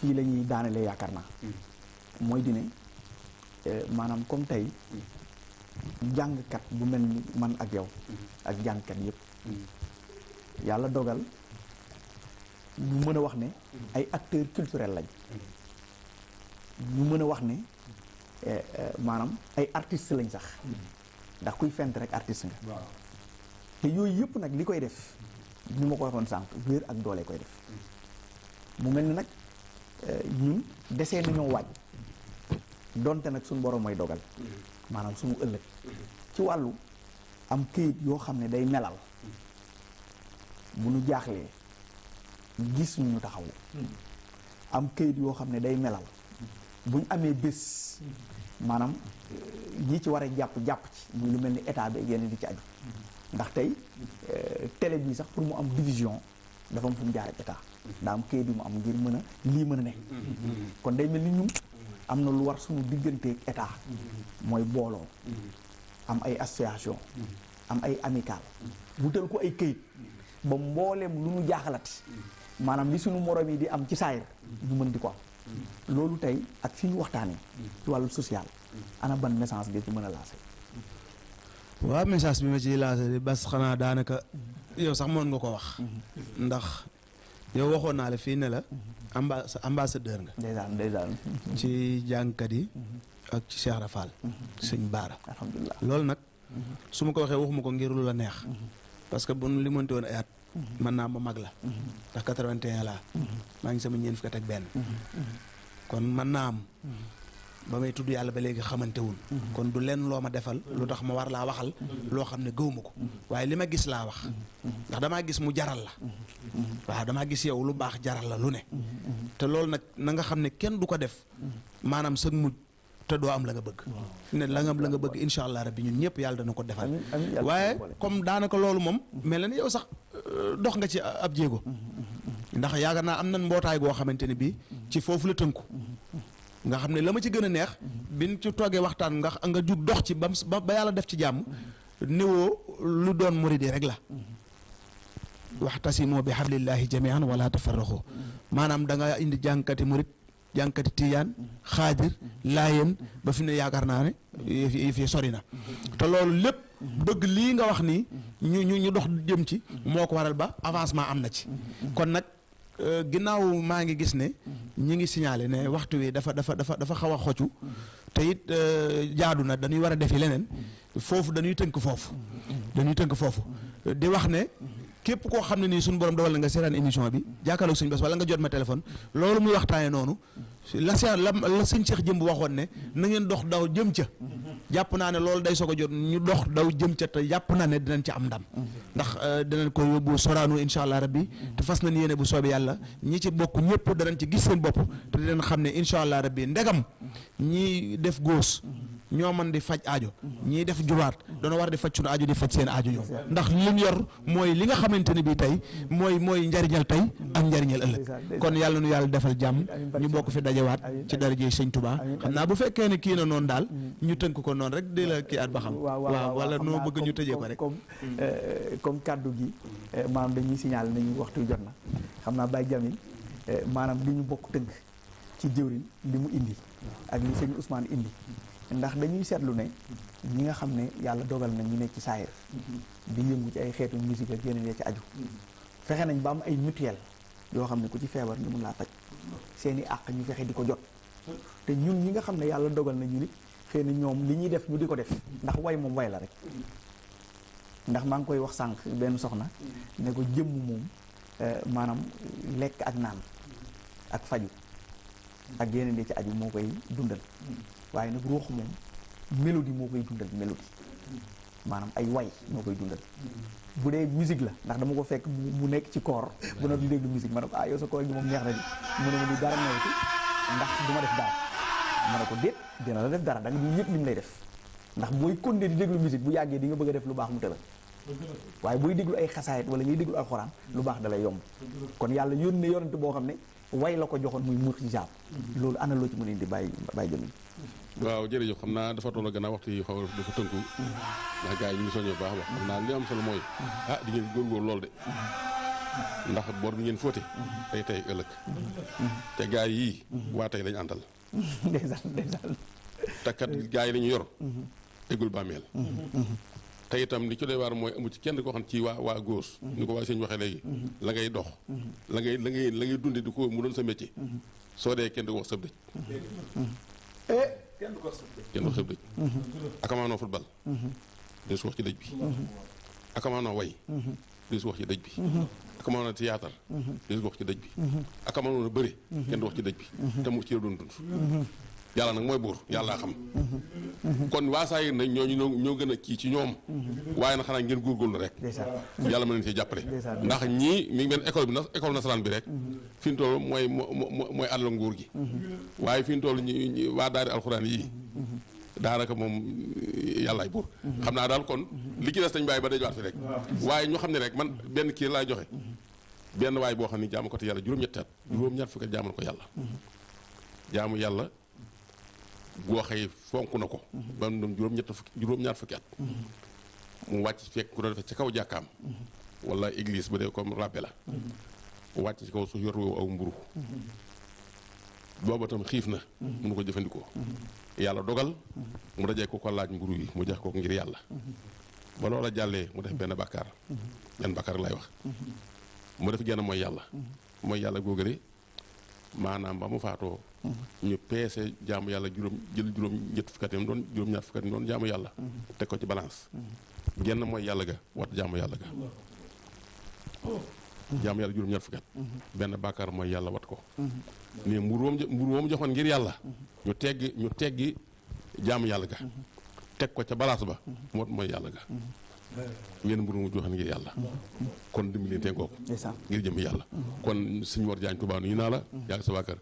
fii la ñuy daanelee yaakaar naa mooy dine eh, maanaam comme tey jàngkat bu mel ni man ak yow ak jàngkat yëpp yàlla dogal ñu mën a wax ne ay acteurs culturels lañ ñu mën a wax ne eh, eh, maanaam ay artistes lañ sax ndax kuy fent rek artiste nga te yooyu yëpp nag li koy def ñu ma ko waxoon sànq wér ak doole koy def mu mel ni nag eh, ñun desee nañoo waaj donte nag suñ borom mooy dogal maanaam suñu ëllëg ci wàllu am këyit yoo xam ne day melal bu nu jaaxlee gis ñu ñu taxaw hmm. am kayit yoo xam ne day melal bu amee bés hmm. maanaam eh, ñi ci war a jàpp jàpp ci muy lu mel ni état bi yenn di ci aju hmm. ndax tey eh, télé bii sax pour mu am division dafa am fu mu jaar ak état daa am kayit yu mu am ngir mën a lii mën a ne kon day mel ni ñun am na lu war sumu digganteeg état mooy booloo am ay association am ay amical wutal ko ay kayit ba mbooleem lu nu jaaxalati maanaam li suñu moroom yi di am ci saayir ñu mën di ko am loolu tey ak fi ñu waxtaanee ci wàllu social ana ban message bi ci mën a lancé waaw message bi ma ciy lancé bas xanaa daanaka yow sax mën nga ko wax ndax yow waxoon naa la fii ne la amba ambassadeur nga ndeysaan ndeysaan ci jàngkat yi ak ci Cheikh Rafal sëñ Baara alhamdulilah nag su ma ko waxee waxuma ko ngir lu la neex parce que bu nu limante woon ay at mhm. man naa ma mag la mhm. ndax quatre laa mhm. maa ngi sama ñeent fukk ak benn kon man naa am ba may tudd yàlla ba léegi xamante wun kon du lenn loo ma defal lu tax ma war laa waxal loo xam ne gëwuma ko waaye li ma gis laa wax ndax damaa gis mu jaral la waaw damaa gis yow lu baax jaral la lu ne te loolu nag na nga xam ne kenn du ko def maanaam sëg mujj te doo am la nga bëgg ne la nga am la nga bëgg incha allah rabbi ñun ñëpp yàlla dana ko defal waaye comme daanaka loolu moom mel na ne yow sax euh, dox nga ci ab jéego mm-hmm, mm-hmm, mm-hmm. ndax yaakaar naa am na mbootaay goo xamante ne bii ci foofu la tënku nga xam ne la ma ci gën a neex biñ ci toogee waxtaan nga nga jug dox ci ba ba yàlla def ci jàmm néwoo lu doon muridi rek la waxtasimoo bi hablillahi jamian wala tafarraxu maanaam da indi jànkati murid jànkati tiyaan xaadir laayeen ba fi ne yaakaar naa ne yi fi sori na te loolu lépp bëgg lii nga wax nii ñu ñu ñu dox jëm ci moo ko waral ba avancement am na ci kon nag euh, ginnaaw maa ngi gis ne ñi ngi signalé ne waxtu wi dafa dafa dafa dafa xaw a xocu te it euh, jaadu na dañuy war a defi leneen foofu dañuy tënk foofu dañuy tënk foofu di wax ne képp koo xam ne nii suñu borom dogal na nga seetaan émission bi jàkkaarloog sëñ Bass wala nga jot ma téléphone loolu muy waxtaane noonu la seer la la sëñ Cheikh jëmb waxoon ne na ngeen dox daw jëm ca jàpp naa ne loolu day soog a jot ñu dox daw jëm ca te jàpp naa ne dinañ ci am ndam ndax euh, dinañ ko yóbbu soraanu incha allah rabbi te fas nañ yéene bu soobee yàlla ñi ci bokk ñëpp danañ ci gis seen bopp te dinañ xam ne incha allah rabbi ndegam ñi def góos ñoo man di faj aajo mm-hmm. ñii def jubaat mm-hmm. doona war di faj suñu aajo di faj seen aajo ñoom ndax li yor mooy li nga xamante ne bii tey mm-hmm. mooy mooy njariñal tey ak njariñal ëllëg kon yàlla nu yàlla defal jàmm ñu bokk fi dajewaat ci darajey sëñ tubaa xam naa bu fekkee ne kii na noonu daal ñu tënk ko noonu rek di la kii at ba xam waaw wala noo bëgg ñu tëjee ko rek euh, comme kàddu gi euh, maanaam dañuy signalé nañu waxtu jot na xam naa Baye euh, maanaam li ñu bokk tënk ci jëwriñ li mu indi ak li sëñ Ousmane indi ndax dañuy seetlu ne ñi nga xam ne yàlla dogal na ñu ne ci saayir di yëngu ci ay xeetu musique ak yeneen ci aju fexe nañ ba am ay mutuelle yoo xam ne ku ci feebar ñu mun laa faj seen i àq ñu fexe di ko jot te ñun ñi nga xam ne yàlla dogal na ñu nit xëy ñoom li ñuy def ñu di ko def ndax way moom way la rek ndax maa ngi koy wax sànq benn soxna ne ko jëmm moom eh, maanaam lekk ak naan ak faju ak yeneen ci aju moo koy dundal waaye nag ruux moom mélodie moo koy dundal mélodie maanaam ay way moo koy dundal bu dee musique la ndax dama ko fekk mu nekk ci koor bu na di déglu musique ma ne ko ah yow sa na di mu di dara ndax du ma def dara ma ko déet dina la def dara da nga du yëpp li mu lay def ndax booy continuer di déglu musique bu yàggee di nga bëgg a def lu baax mu tëral waaye booy déglu ay xasaayit wala ngay déglu alxuraan lu baax dalay yomb kon yàlla yónne yonent boo xam ne way la ko joxoon muy muur ci loolu ana loo ci mën a indi bàyyi bàyyi waaw jërëjëf xam naa dafa toll gannaaw waxtu yi xaw dafa tënku ndax gaa yi ñu ngi soññoo baax wax xam naa li am solo mooy ah di ngeen góor lool de ndax bor bi ngeen fóote tey tey ëllëg te gaa yi waa tey lañu àndal te kat yi lañu yor eggul bàmmeel te itam li ci doy waar mooy amu ci kenn koo xam ci waa waa góos ñu ko waa sëñ waxee léegi la ngay dox la ngay la ngay la ngay dunde di ko mu doon sa métier soo dee kenn du wax sab dëj kenn du ko xëb dëj akamaanoo football dee su wax ci dëj bi akamaanoo way dee su wax ci dëj bi akamaanoo théâtre dee su wax ci dëj bi akamaanoo bëre kenn du wax ci dëj bi te ci doon dund yàlla nag mooy buur yàlla xam kon waa saa yéen nag ñooñu ñoo gën a kii ci ñoom waaye na xanaa ngir ngeen góorgóorlu rek yàlla mën leen ci jàppale ndax ñii mi ngi benn école bi na école nasaraan bi rek fi ñu toll mooy mooy àll nguur gi waaye fi ñu toll ñi waa daari alxuraan yii daanaka moom yàllaay buur xam naa daal kon li ci des dañ bàyyi ba dajawaat fi rek waaye ñu xam ne rek man benn kii laay joxe benn waay boo xam ne jaamu ko te yàlla juróom-ñetti at juróom-ñett fukki jaamu ko yàlla jaamu yàlla goo xëy fonk na ko ba mu doon juróom ñett fukki at mu wàcc fekk ku ci kaw jàkkaam wala église bu dee comme ràbbe la wàcc ci kaw suuf yor woowu aw mburu booba tam xiif na mënu ko jëfandikoo yàlla dogal mu dajee ko ko laaj mburu yi mu jox ko ngir yàlla ba loola jàllee mu def benn bàkkaar benn bàkkaar lay wax mu def genn mooy yàlla mooy yàlla góogale maanaam ba mu faatoo ñu peese jaamu yàlla juróom jël juróom ñett fukkat yam doon juróom ñaar fukkat doon jaamu yàlla teg ko ci balance genn mooy yàlla ga wat jaamu yàlla ga jaamu yàlla juróom ñaar fukkat benn bàkkaar mooy yàlla wat ko mais mburu woom mburu joxoon ngir yàlla ñu teggi ñu teggi jaamu yàlla ga teg ko ca balance ba mot mooy yàlla ga ngeen mburu mu joxan ngir yàlla kon dimbali tey ngoog ngir jëm yàlla kon sëñ Mor Jaañ Tubaa nuyu naa la yaag sa waa kër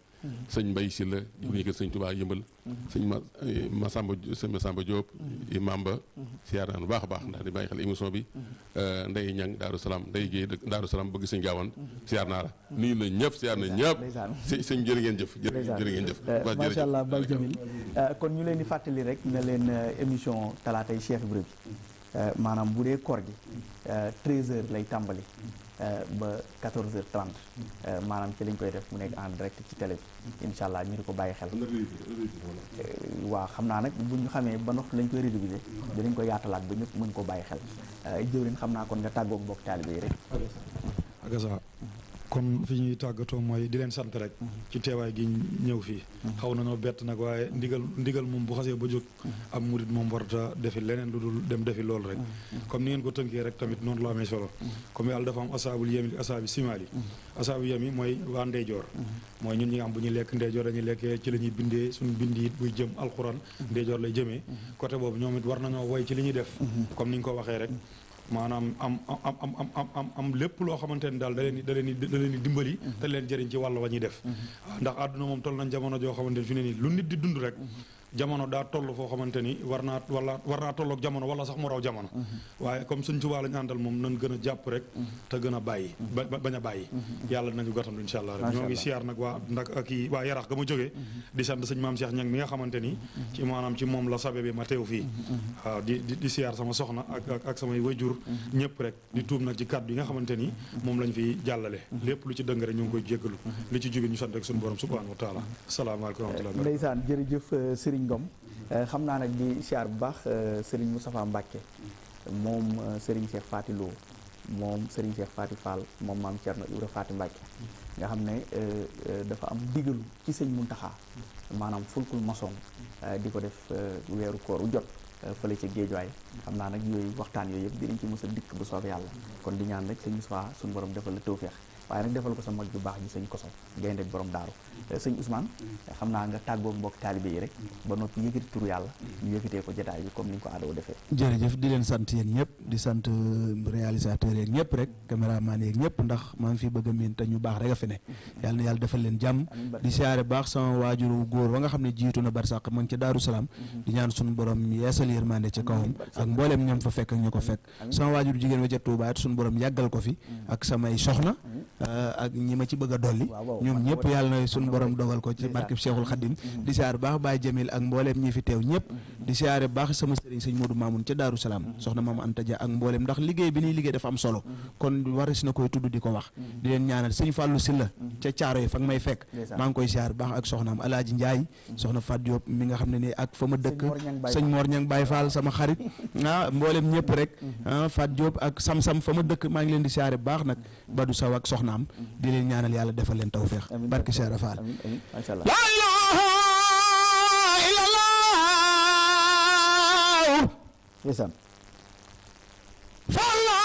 sëñ Mbay Si la ñu kër sëñ Tubaa yëmbal sëñ ma eh, Masamba sëñ Masamba Diop imaam ba siyaar naan baax a baax ndax di bàyyi xel émission bi eh, Ndey Ñang Daaru Salaam Ndey Géey Daaru Salaam bëgg sëñ Gaawan siyaar naa la nuyu na ñëpp siyaar na ñëpp sëñ sëñ jërë ngeen jëf jërë ngeen jëf eh, macha allah Baye Jamil kon ñu leen fàttali rek na leen émission talaatay Cheikh Ibrahima Euh, maanaam bu dee koor gi euh, treize heures lay tàmbali euh, ba quatorze trent trente maanaam ci lañ koy def mu nekk en direct ci télé bi incha allah ñu di ko bàyyi xel waa xam naa nag bu ñu xamee ban waxtu lañ koy rédiger dinañ ko yaatalaat ba ñëpp mën ko bàyyi xel jëwrin xam naa kon nga tàggoog bokk taalibe yi rek agasa kon fi ñuy tàggatoo mooy di leen sant rek ci teewaay gi ñëw fii xaw na noo bett nag waaye ndigal ndigal moom bu xasee bu jóg am murit moom warta defi leneen lu dul dem defi loolu rek comme ni ngeen ko tënkee rek tamit noonu la amee solo comme yàlla dafa am asaabul yemi asaabi simaali asaabu yemi mooy waa ndeyjoor mooy ñun ñi am bu ñu lekk ndeyjoor dañuy lekkee ci la ñuy bindee suñu bind it buy jëm alxuraan ndeyjoor lay jëmee côté boobu ñoom it war nañoo woy ci li ñu def comme ni ñu ko waxee maanaam am am am am am am lépp loo xamante ni daal da leen da leen da leen dimbali. Mhm. te leen jëriñ ci wàll wa ñuy def. Mhm. ndax àdduna moom toll nañ jamono joo xamante ni ne nii lu nit di dund rek. Mhm. jamono da tollu fo xamanteni warna wala warna tollu ak jamono wala sax mu raw jamono mhm. waye comme suñ tubaa lañu àndal moom nan gën a jàpp rek te gëna bayyi baña bayyi yalla nañu yàlla dinañu gàttandu rek ñoo ngi siyaar nag waa ndak ak wa yarax gamu joge mhm. di sant sëñ mam Cheikh Ñang mi nga xamanteni mhm. ci manam ci mom la sabe bi ma teew fii waaw di di siar sama soxna ak ak sama wayjur ñepp rek di tuub nak ci kàddu yi nga xamanteni mom lañ fi jallale lepp lu ci deung rek ñu ngi koy jéggalu li ci jóge ñu sant ak suñu borom subhanahu wa taala assalamu alaykum wa rahmatullahi wa rahmatulah ndeysaan jërëjëf eh, sëriñ Serigne Ngom euh, xam naa nag di siyaar bu baax euh, Serigne Moustapha Mbacke moom euh, Serigne Cheikh Faty Lo moom Serigne Cheikh Faty Fall moom maam Thierno Ibra Faty Mbacke nga xam ne dafa am digalu ci sëñ Muntaxa maanaam fulkul maçon di ko def weeru koor u jot fële ca géejuwaay xam naa nag yooyu waxtaan yooyu yëpp dinañ ci mos dikk bu soob yàlla kon di ñaan rek sëñ Moustapha suñu borom defal la tawfeex waye nak defal ko sa mag bu baax ji sëñ koso gaynde borom daaru sëñ Ousmane xamna nga taggo mbok talibé yi rek ba noppi yëkkati turu yalla ñu yëkkatee ko jotaay bi comme ni ko ado defé defee jërëjëf di leen sante yeen ñëpp di sante euh, réalisateur yeen ñëpp rek caméraman yeen ñëpp ndax ma ngi fi bëgg min ta ñu baax rek fa ne yalla na yàlla defal leen jàmm di siyaare baax sama wajuru goor wa nga xamné jitu na barsaq man ci daaru salam mhm. di ñaan suñu borom yeesal yërmande ci kawam ak mbolem ñam fa fekk ñuko fekk sama wajuru jigéen wa ci touba sun borom yagal ko fi mhm. ak samay soxna Eh, ak ñima ci bëgg doli ñom ñepp yalla yàlla suñu borom dogal ko ci barkeb cheikhul khadim mm-hmm. di ziar bax bay jamil ak mbollem ñi fi tew ñepp mm-hmm. di ziaré bax sama serigne serigne Modou Mamoun ci daru salam mm-hmm. soxna mamou Anta ak mbollem ndax liggey bi ni liggey dafa am solo kon waris na koy tuddu di wax di len ñaanal serigne Fallou Silla ci ciaro yi fa ngay may fekk maa ngi koy ziar bax ak soxnaam aladji ndjay soxna Fat Diop mi nga xamne ni ak fa ma dëkk Mor Ñang bay Fall sama xarit na ah, mbooleem ñëpp rek ah, Fat ak Sam Sam fa ma dëkk ngi leen di ziaré bax nak Badou Saw soxna soxnaam di leen ñaanal yàlla defal leen tawféex barke Cheikh Rafal macha allah la ilaha illallah ndeysaan